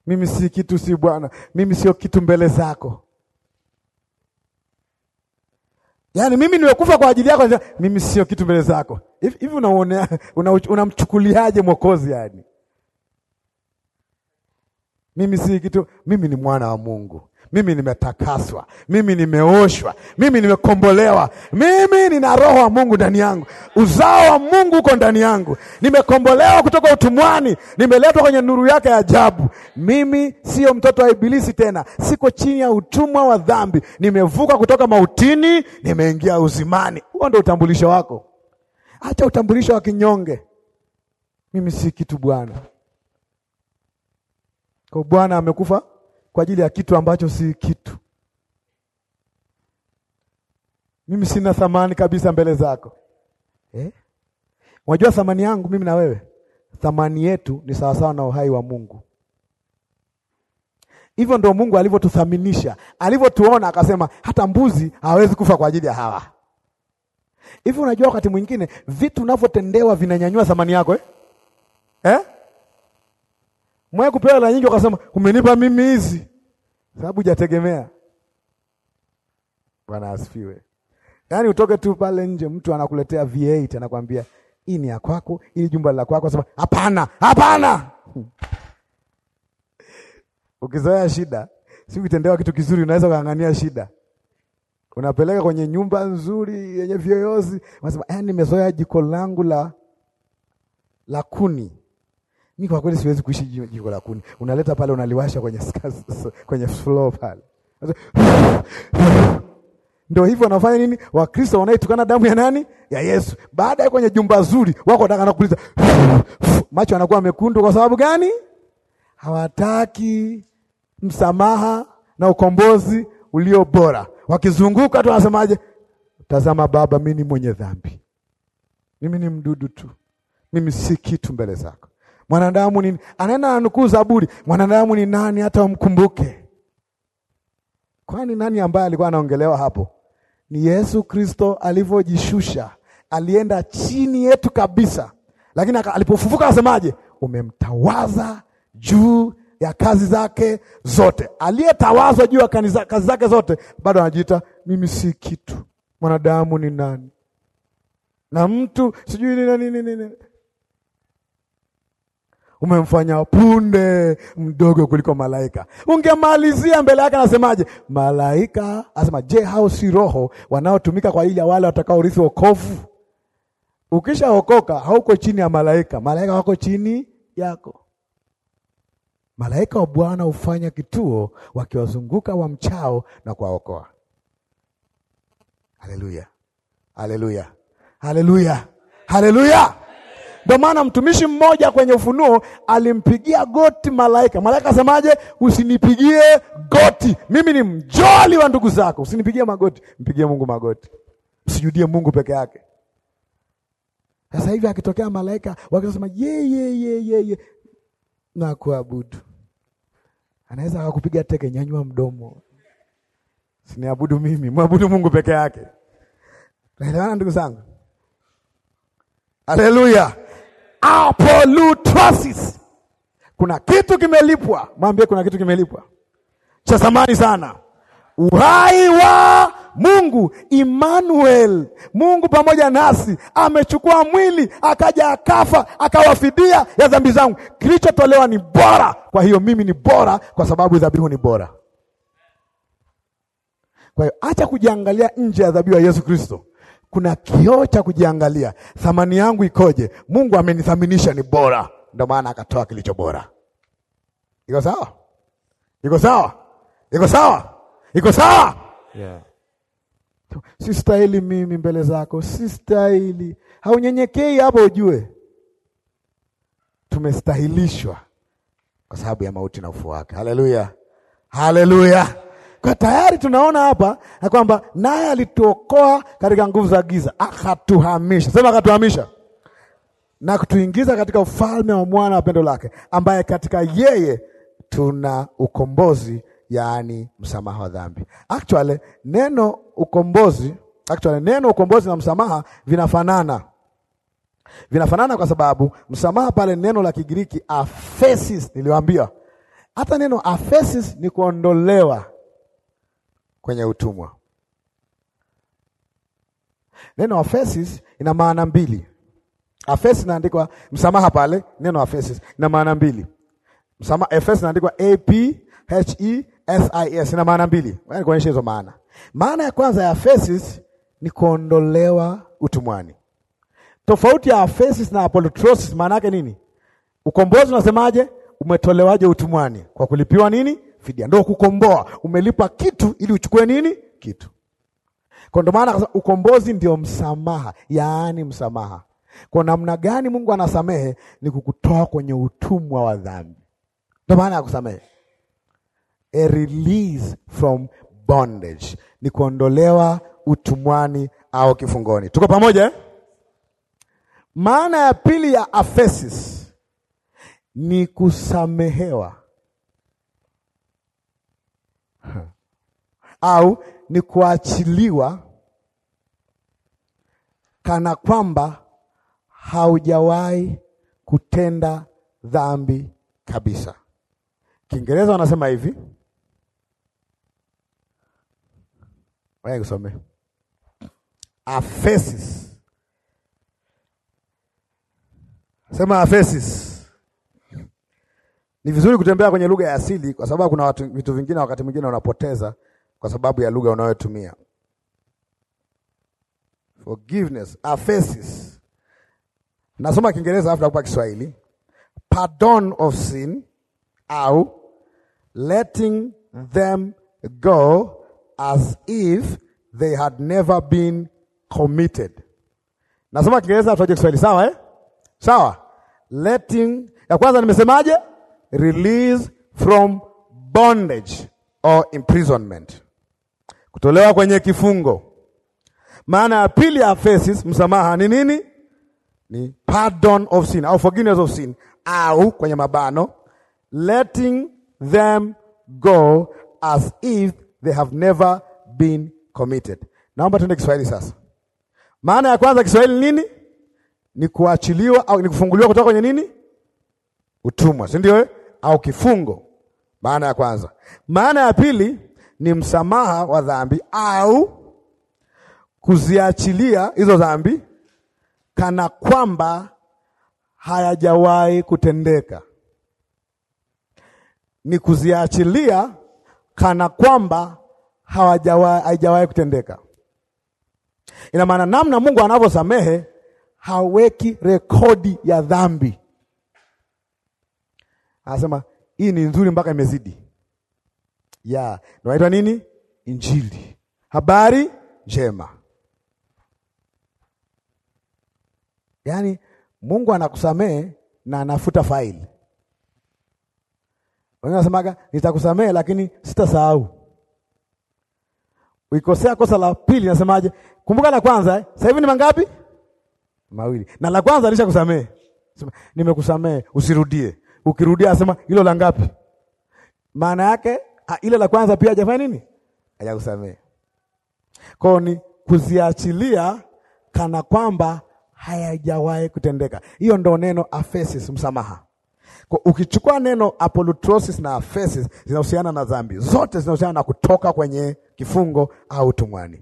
mimi si kitu, si Bwana, mimi sio kitu mbele zako. Yaani mimi nimekufa kwa ajili yako, mimi sio kitu mbele zako. Hivi unaonea, unamchukuliaje una Mwokozi? Yani mimi si kitu, mimi ni mwana wa Mungu mimi nimetakaswa, mimi nimeoshwa, mimi nimekombolewa, mimi nina roho wa Mungu ndani yangu, uzao wa Mungu uko ndani yangu, nimekombolewa kutoka utumwani, nimeletwa kwenye nuru yake ya ajabu. Mimi sio mtoto wa Ibilisi tena, siko chini ya utumwa wa dhambi, nimevuka kutoka mautini, nimeingia uzimani. Huo ndio utambulisho wako. Acha utambulisho wa kinyonge, mimi si kitu Bwana. Kwa Bwana amekufa kwa ajili ya kitu ambacho si kitu. Mimi sina thamani kabisa mbele zako eh? Unajua thamani yangu mimi na wewe, thamani yetu ni sawasawa na uhai wa Mungu. Hivyo ndio Mungu alivyotuthaminisha, alivyotuona akasema hata mbuzi hawezi kufa kwa ajili ya hawa. Hivyo unajua, wakati mwingine vitu unavyotendewa vinanyanyua thamani yako eh? Eh? Mwe kupewa hela nyingi ukasema umenipa mimi hizi, sababu hujategemea. Bwana asifiwe. Yaani utoke tu pale nje, mtu anakuletea V8 anakwambia hii ni ya kwako, ili jumba la kwako, sema hapana, hapana. (laughs) Ukizoea shida, si ukitendewa kitu kizuri unaweza kung'ang'ania shida. Unapeleka kwenye nyumba nzuri yenye viyoyozi, unasema eh, yaani nimezoea jiko langu la la kuni mimi kwa kweli siwezi kuishi jiko la kuni. Unaleta pale unaliwasha kwenye (laughs) skas, kwenye floor pale. (sighs) Ndio hivyo wanafanya nini? Wakristo wanaitukana damu ya nani? Ya Yesu. Baada ya kwenye jumba zuri, wako wataka nakuuliza. (sighs) Macho yanakuwa mekundu kwa sababu gani? Hawataki msamaha na ukombozi ulio bora. Wakizunguka tu wanasemaje? Tazama Baba, mimi ni mwenye dhambi. Mimi ni mdudu tu. Mimi si kitu mbele zako. Mwanadamu ni anaenda anukuu Zaburi, mwanadamu ni nani hata wamkumbuke? Kwani nani ambaye alikuwa anaongelewa hapo? Ni Yesu Kristo alivyojishusha, alienda chini yetu kabisa, lakini alipofufuka asemaje? Umemtawaza juu ya kazi zake zote. Aliyetawazwa juu ya kazi zake zote bado anajiita mimi si kitu, mwanadamu ni nani na mtu sijui nini nini nini umemfanya punde mdogo kuliko malaika. Ungemalizia mbele yake, anasemaje? Malaika asema, je, hao si roho wanaotumika kwa ajili ya wale urithi wokovu? Ukishaokoka hauko chini ya malaika, malaika wako chini yako. Malaika wa Bwana hufanya kituo wakiwazunguka wamchao na kuwaokoa. Haleluya, haleluya, haleluya, haleluya! Ndio maana mtumishi mmoja kwenye Ufunuo alimpigia goti malaika. Malaika asemaje? Usinipigie goti, mimi ni mjoli wa ndugu zako. Usinipigie magoti, mpigie Mungu magoti, usijudie Mungu peke yake. Sasa hivi akitokea malaika wakisema ye ye ye ye ye na kuabudu, anaweza akakupiga teke, nyanyua mdomo, siniabudu mimi, mwabudu Mungu peke yake. Naelewana ndugu zangu? Haleluya! apolutrosis. Kuna kitu kimelipwa, mwambie kuna kitu kimelipwa cha thamani sana, uhai wa Mungu Immanuel, Mungu pamoja nasi, amechukua mwili akaja akafa akawafidia ya dhambi zangu. Kilichotolewa ni bora, kwa hiyo mimi ni bora, kwa sababu dhabihu ni bora. Kwa hiyo acha kujiangalia nje ya dhabihu ya Yesu Kristo kuna kioo cha kujiangalia, thamani yangu ikoje? Mungu amenithaminisha ni bora, ndio maana akatoa kilicho bora. Iko sawa? Iko sawa? Iko sawa? Iko sawa? Yeah. Sistahili mimi mbele zako, sistahili. Haunyenyekei hapo, ujue tumestahilishwa kwa sababu ya mauti na ufufuo wake. Haleluya, haleluya. Kwa tayari tunaona hapa na kwamba naye alituokoa katika nguvu za giza, akatuhamisha, sema akatuhamisha na kutuingiza katika ufalme wa mwana wa pendo lake, ambaye katika yeye tuna ukombozi, yaani msamaha wa dhambi. Actually neno ukombozi, actually neno ukombozi na msamaha vinafanana, vinafanana kwa sababu msamaha pale neno la Kigiriki aphesis, niliwaambia hata neno aphesis ni kuondolewa kwenye utumwa. Neno afesis ina maana mbili. Afesis inaandikwa msamaha pale, neno afesis ina maana mbili. Msamaha afesis inaandikwa A P H E S I S ina maana mbili. Wewe kuonyesha hizo maana. Maana ya kwanza ya afesis ni kuondolewa utumwani. Tofauti ya afesis na apolutrosis maana yake nini? Ukombozi unasemaje? Umetolewaje utumwani? Kwa kulipiwa nini? fidia, ndo kukomboa. Umelipa kitu ili uchukue nini? Kitu. Kwa ndo maana ukombozi ndio msamaha, yaani msamaha. Kwa namna gani Mungu anasamehe? Ni kukutoa kwenye utumwa wa dhambi, ndo maana akusamehe. A release from bondage ni kuondolewa utumwani au kifungoni. Tuko pamoja eh? Maana ya pili ya afesis ni kusamehewa. (laughs) au ni kuachiliwa kana kwamba haujawahi kutenda dhambi kabisa. Kiingereza wanasema hivi, wacha kusome afesis, sema afesis ni vizuri kutembea kwenye lugha ya asili, kwa sababu kuna watu, vitu vingine wakati mwingine unapoteza kwa sababu ya lugha unayotumia. Forgiveness, aphesis. Nasoma Kiingereza afu nakupa Kiswahili. Pardon of sin au letting them go as if they had never been committed. Nasoma Kiingereza tuje Kiswahili sawa eh? Sawa. Letting ya kwanza nimesemaje? release from bondage or imprisonment, kutolewa kwenye kifungo. Maana ya pili ya faces, msamaha ni nini? Ni pardon of sin au forgiveness of sin, au kwenye mabano letting them go as if they have never been committed. Naomba tuende Kiswahili sasa. Maana ya kwanza Kiswahili nini? Ni kuachiliwa au ni kufunguliwa kutoka kwenye nini? Utumwa, si ndio? Eh? au kifungo, maana ya kwanza. Maana ya pili ni msamaha wa dhambi au kuziachilia hizo dhambi kana kwamba hayajawahi kutendeka, ni kuziachilia kana kwamba haijawahi kutendeka. Ina maana namna Mungu anavyosamehe haweki rekodi ya dhambi. Anasema hii ni nzuri mpaka imezidi. Ya, ndio inaitwa nini? Injili. Habari njema. Yaani Mungu anakusamehe na anafuta faili. Wengine wanasemaga nitakusamehe lakini sitasahau. Uikosea kosa la pili nasemaje? Kumbuka la kwanza eh? Sasa hivi ni mangapi? Mawili. Na la kwanza alishakusamehe. Nimekusamehe, usirudie. Ukirudia asema hilo la ngapi? Maana yake ah, ile la kwanza pia hajafanya nini? Hajakusamehe. Kwao ni kuziachilia kana kwamba hayajawahi kutendeka. Hiyo ndo neno aphesis, msamaha. Kwa ukichukua neno apolutrosis na aphesis, zinahusiana na dhambi zote, zinahusiana na kutoka kwenye kifungo au utumwani.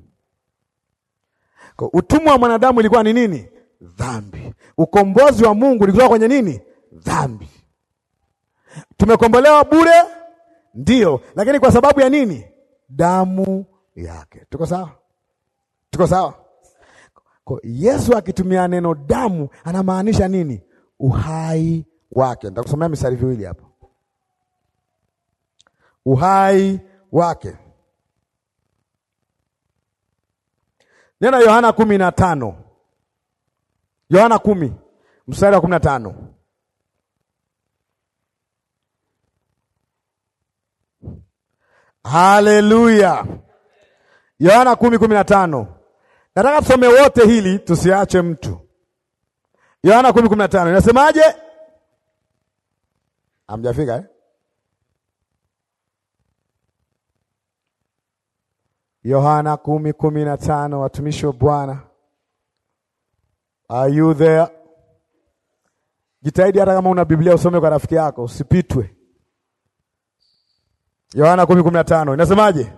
Kwa utumwa wa mwanadamu ilikuwa ni nini? Dhambi. Ukombozi wa Mungu ulikuwa kwenye nini? Dhambi. Tumekombolewa bure ndio, lakini kwa sababu ya nini? Damu yake. Tuko sawa? Tuko sawa? Kwa Yesu akitumia neno damu anamaanisha nini? Uhai wake. Nitakusomea misali viwili hapo. Uhai wake. Nena Yohana kumi na tano Yohana kumi mstari wa kumi na tano Haleluya. Yohana kumi kumi na tano. Nataka tusome wote hili tusiache mtu. Yohana kumi kumi na tano inasemaje? Hamjafika eh? Yohana kumi kumi na tano watumishi wa Bwana. Are you there? Jitahidi hata kama una Biblia usome kwa rafiki yako, usipitwe. Yohana 10:15 inasemaje?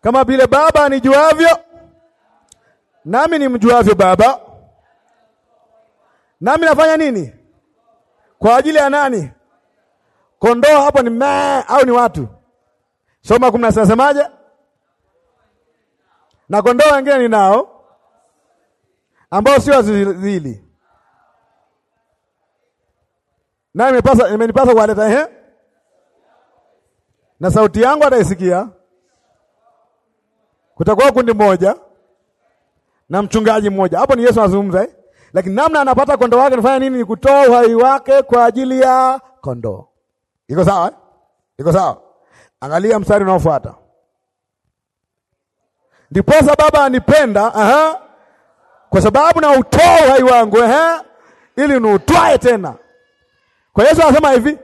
Kama vile Baba anijuavyo nami nimjuavyo Baba, nami nafanya nini kwa ajili ya nani? Kondoo hapo ni mee au ni watu? Soma kumi na sita nasemaje? Na kondoo wengine ni nao ambao sio wazizili, naye imenipasa kuwaleta na sauti yangu ataisikia. Kutakuwa kundi moja na mchungaji mmoja. Hapo ni Yesu anazungumza eh? Lakini namna anapata kondoo wake anafanya nini? Ni kutoa uhai wake kwa ajili ya kondoo. Iko sawa eh? Iko sawa. Angalia mstari unaofuata. Ndiposa Baba anipenda, aha, kwa sababu na utoa uhai wangu, aha, ili niutwae tena. Kwa Yesu anasema hivi,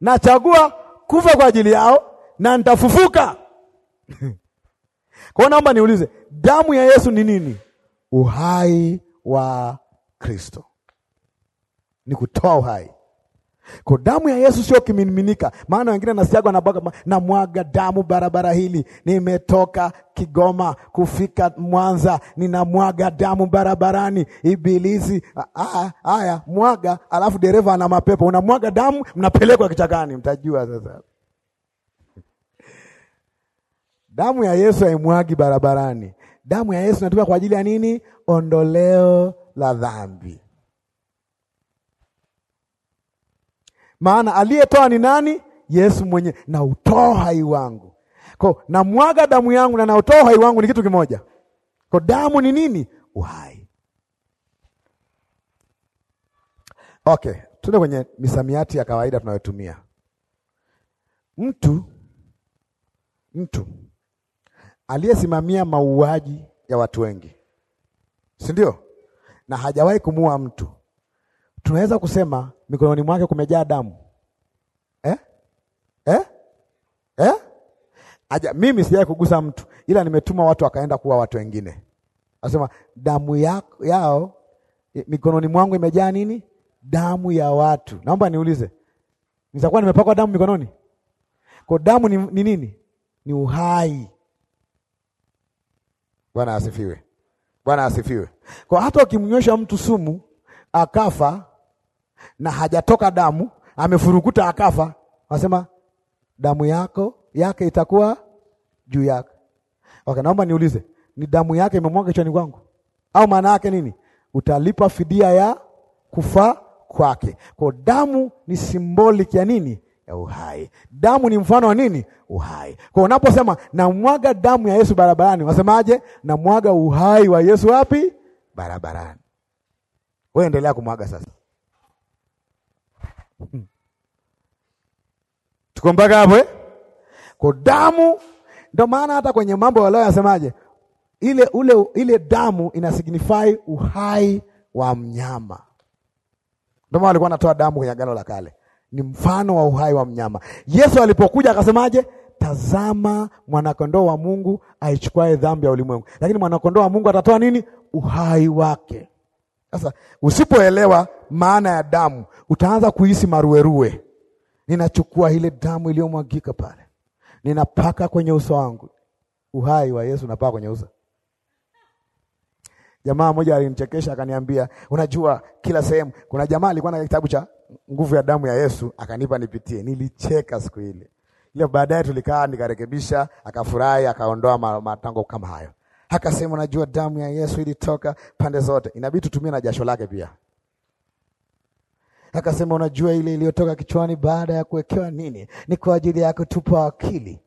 nachagua kufa kwa ajili yao na nitafufuka. Kwa hiyo naomba niulize, damu ya Yesu ni nini? Uhai wa Kristo, ni kutoa uhai kwa damu ya Yesu, sio kimiminika. Maana wengine nasiaga na namwaga damu barabara hili, nimetoka Kigoma kufika Mwanza, ninamwaga damu barabarani. Ibilisi haya, mwaga, alafu dereva ana mapepo, unamwaga damu, mnapelekwa kichakani, mtajua sasa. Damu ya Yesu haimwagi barabarani. Damu ya Yesu inatumika kwa ajili ya nini? Ondoleo la dhambi. Maana aliyetoa ni nani? Yesu mwenyewe. Na utoa hai wangu ko, namwaga damu yangu na nautoa uhai wangu, ni kitu kimoja. Ko, damu ni nini? Uhai. Okay, tuende kwenye misamiati ya kawaida tunayotumia. Mtu mtu aliyesimamia mauaji ya watu wengi, si ndio? Na hajawahi kumuua mtu. Tunaweza kusema mikononi mwake kumejaa damu eh? Eh? Eh? Aja, mimi sijawahi kugusa mtu, ila nimetuma watu wakaenda kuua watu wengine. Anasema damu ya, yao mikononi mwangu imejaa nini? Damu ya watu. Naomba niulize, nitakuwa nimepakwa damu mikononi? Kwa damu ni, ni nini? Ni uhai. Bwana asifiwe. Bwana asifiwe. Kwa hata ukimnyosha mtu sumu akafa na hajatoka damu, amefurukuta akafa, wasema damu yako yake itakuwa juu yake. Okay, naomba niulize, ni damu yake imemwaga kichwani kwangu au maana yake nini? Utalipa fidia ya kufa kwake. Kwa damu ni symbolic ya nini? ya uhai. Damu ni mfano wa nini? Uhai. Kwa unaposema namwaga damu ya Yesu barabarani, wasemaje? Namwaga uhai wa Yesu wapi? Barabarani. Wewe endelea kumwaga sasa. Hmm. Tuko mpaka hapo eh? Kwa damu ndio maana hata kwenye mambo ya leo yasemaje? Ile ule ile damu ina signify uhai wa mnyama. Ndio maana walikuwa wanatoa damu kwenye agano la kale ni mfano wa uhai wa mnyama. Yesu alipokuja akasemaje? Tazama mwanakondoo wa Mungu aichukuae dhambi ya ulimwengu. Lakini mwanakondoo wa Mungu atatoa nini? Uhai wake. Sasa usipoelewa maana ya damu, utaanza kuhisi maruerue. Ninachukua ile damu iliyomwagika pale, ninapaka kwenye uso wangu. Uhai wa Yesu napaka kwenye uso. Jamaa mmoja alinichekesha akaniambia, unajua, kila sehemu kuna jamaa alikuwa na kitabu cha nguvu ya damu ya Yesu akanipa nipitie. Nilicheka siku ile ile, baadaye tulikaa nikarekebisha, akafurahi, akaondoa matango kama hayo, akasema unajua, damu ya Yesu ilitoka pande zote, inabidi tutumie na jasho lake pia. Akasema unajua, ile iliyotoka kichwani baada ya kuwekewa nini, ni kwa ajili ya kutupa akili.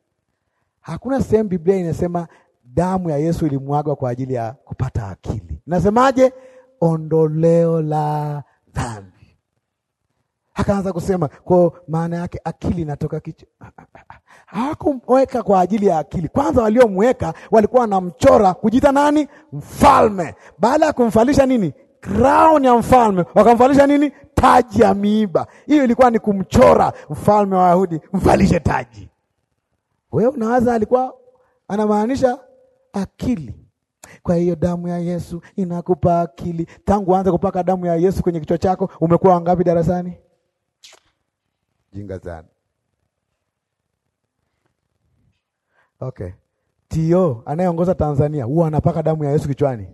Hakuna sehemu Biblia inasema damu ya Yesu ilimwagwa kwa ajili ya kupata akili. Nasemaje? ondoleo la dhambi. Akaanza kusema kwa maana yake akili inatoka kichwa. Hawakumweka kwa ajili ya akili. Kwanza waliomweka walikuwa wanamchora kujita nani? Mfalme. Baada ya kumfalisha nini? Crown ya mfalme, wakamfalisha nini? Taji ya miiba. Hiyo ilikuwa ni kumchora mfalme wa Wayahudi, mfalishe taji. Wewe unawaza alikuwa anamaanisha akili. Kwa hiyo damu ya Yesu inakupa akili. Tangu anza kupaka damu ya Yesu kwenye kichwa chako, umekuwa wangapi darasani? jinga zani. Okay. Tio anayeongoza Tanzania huwa anapaka damu ya Yesu kichwani.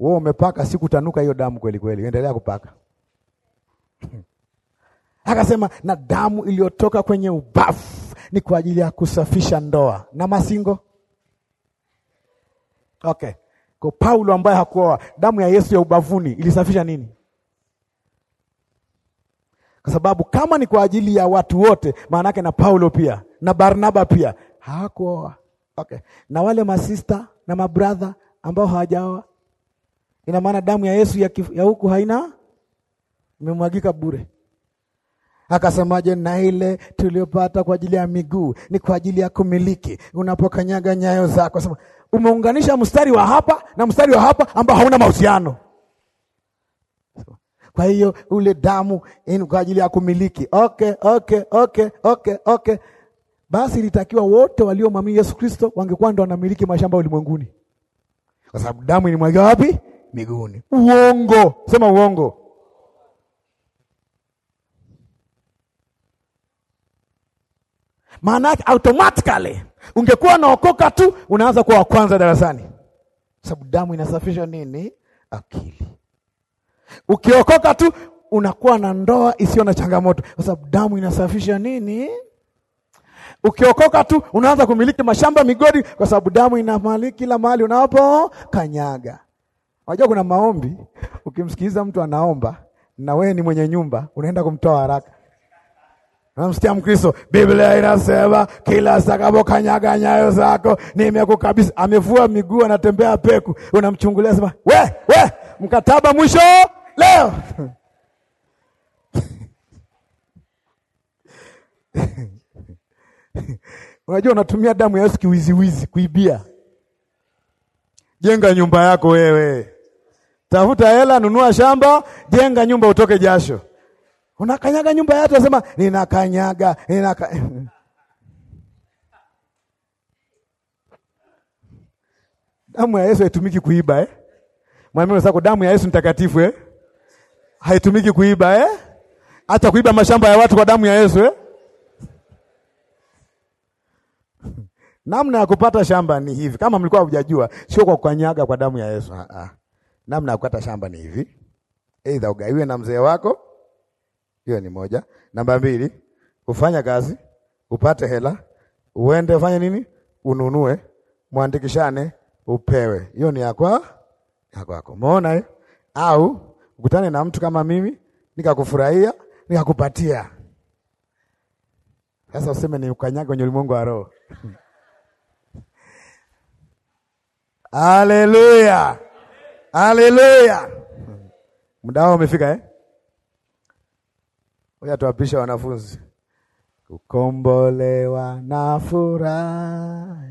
Wewe umepaka sikutanuka hiyo damu kweli kweli. Endelea kupaka. (laughs) Akasema na damu iliyotoka kwenye ubafu ni kwa ajili ya kusafisha ndoa na masingo. Okay. Kwa Paulo ambaye hakuoa, damu ya Yesu ya ubavuni ilisafisha nini? Kwa sababu kama ni kwa ajili ya watu wote, maana yake na Paulo pia na Barnaba pia hawakuoa. Okay. Na wale masista na mabradha ambao hawajaoa, ina maana damu ya Yesu ya, ya huku haina imemwagika bure. Akasemaje? na ile tuliyopata kwa ajili ya miguu ni kwa ajili ya kumiliki, unapokanyaga nyayo zako. Sema umeunganisha mstari wa hapa na mstari wa hapa ambao hauna mahusiano. Kwa hiyo ule damu ni kwa ajili ya kumiliki. Okay, okay, okay, okay, okay. Basi ilitakiwa wote waliomwamini Yesu Kristo wangekuwa ndo wanamiliki mashamba ulimwenguni, kwa sababu damu ilimwagiwa wapi? Miguuni. Uongo, sema uongo. Maana automatically ungekuwa naokoka tu, unaanza kuwa wa kwanza darasani, sababu damu inasafisha nini? Akili. Ukiokoka tu unakuwa na ndoa isiyo na changamoto, kwa sababu damu inasafisha nini? Ukiokoka tu unaanza kumiliki mashamba, migodi, kwa sababu damu inamaliki kila mahali unapo kanyaga. Unajua kuna maombi, ukimsikiliza mtu anaomba na wewe ni mwenye nyumba, unaenda kumtoa haraka. Namsikia Mkristo, Biblia inasema kila kanyaga nyayo zako nimekukabisa. Amevua miguu, anatembea peku, unamchungulia sema, we we, mkataba mwisho leo unajua unatumia damu ya Yesu kiwiziwizi kuibia. Jenga nyumba yako wewe, tafuta hela, nunua shamba, jenga nyumba, utoke jasho. Unakanyaga nyumba ya watu, nasema ninakanyaga, ninaka damu ya Yesu haitumiki kuiba eh? Mwambie mwenzako damu ya Yesu ni takatifu eh? haitumiki kuiba eh? Hata kuiba mashamba ya watu kwa damu ya Yesu eh? (laughs) Namna ya kupata shamba ni hivi, kama mlikuwa hujajua, sio kwa kukanyaga kwa damu ya Yesu. Ah, ah. Namna ya kupata shamba ni hivi, aidha ugaiwe na mzee wako, hiyo ni moja. Namba mbili, ufanya kazi upate hela, uende ufanye nini, ununue, mwandikishane, upewe. Hiyo ni ya kwako, umeona eh? au ukutane na mtu kama mimi nikakufurahia nikakupatia. Sasa useme ni ukanyaga kwenye ulimwengu wa roho. (laughs) Haleluya, haleluya! Muda wao umefika eh? Oya, tuwapisha wanafunzi kukombolewa na furaha.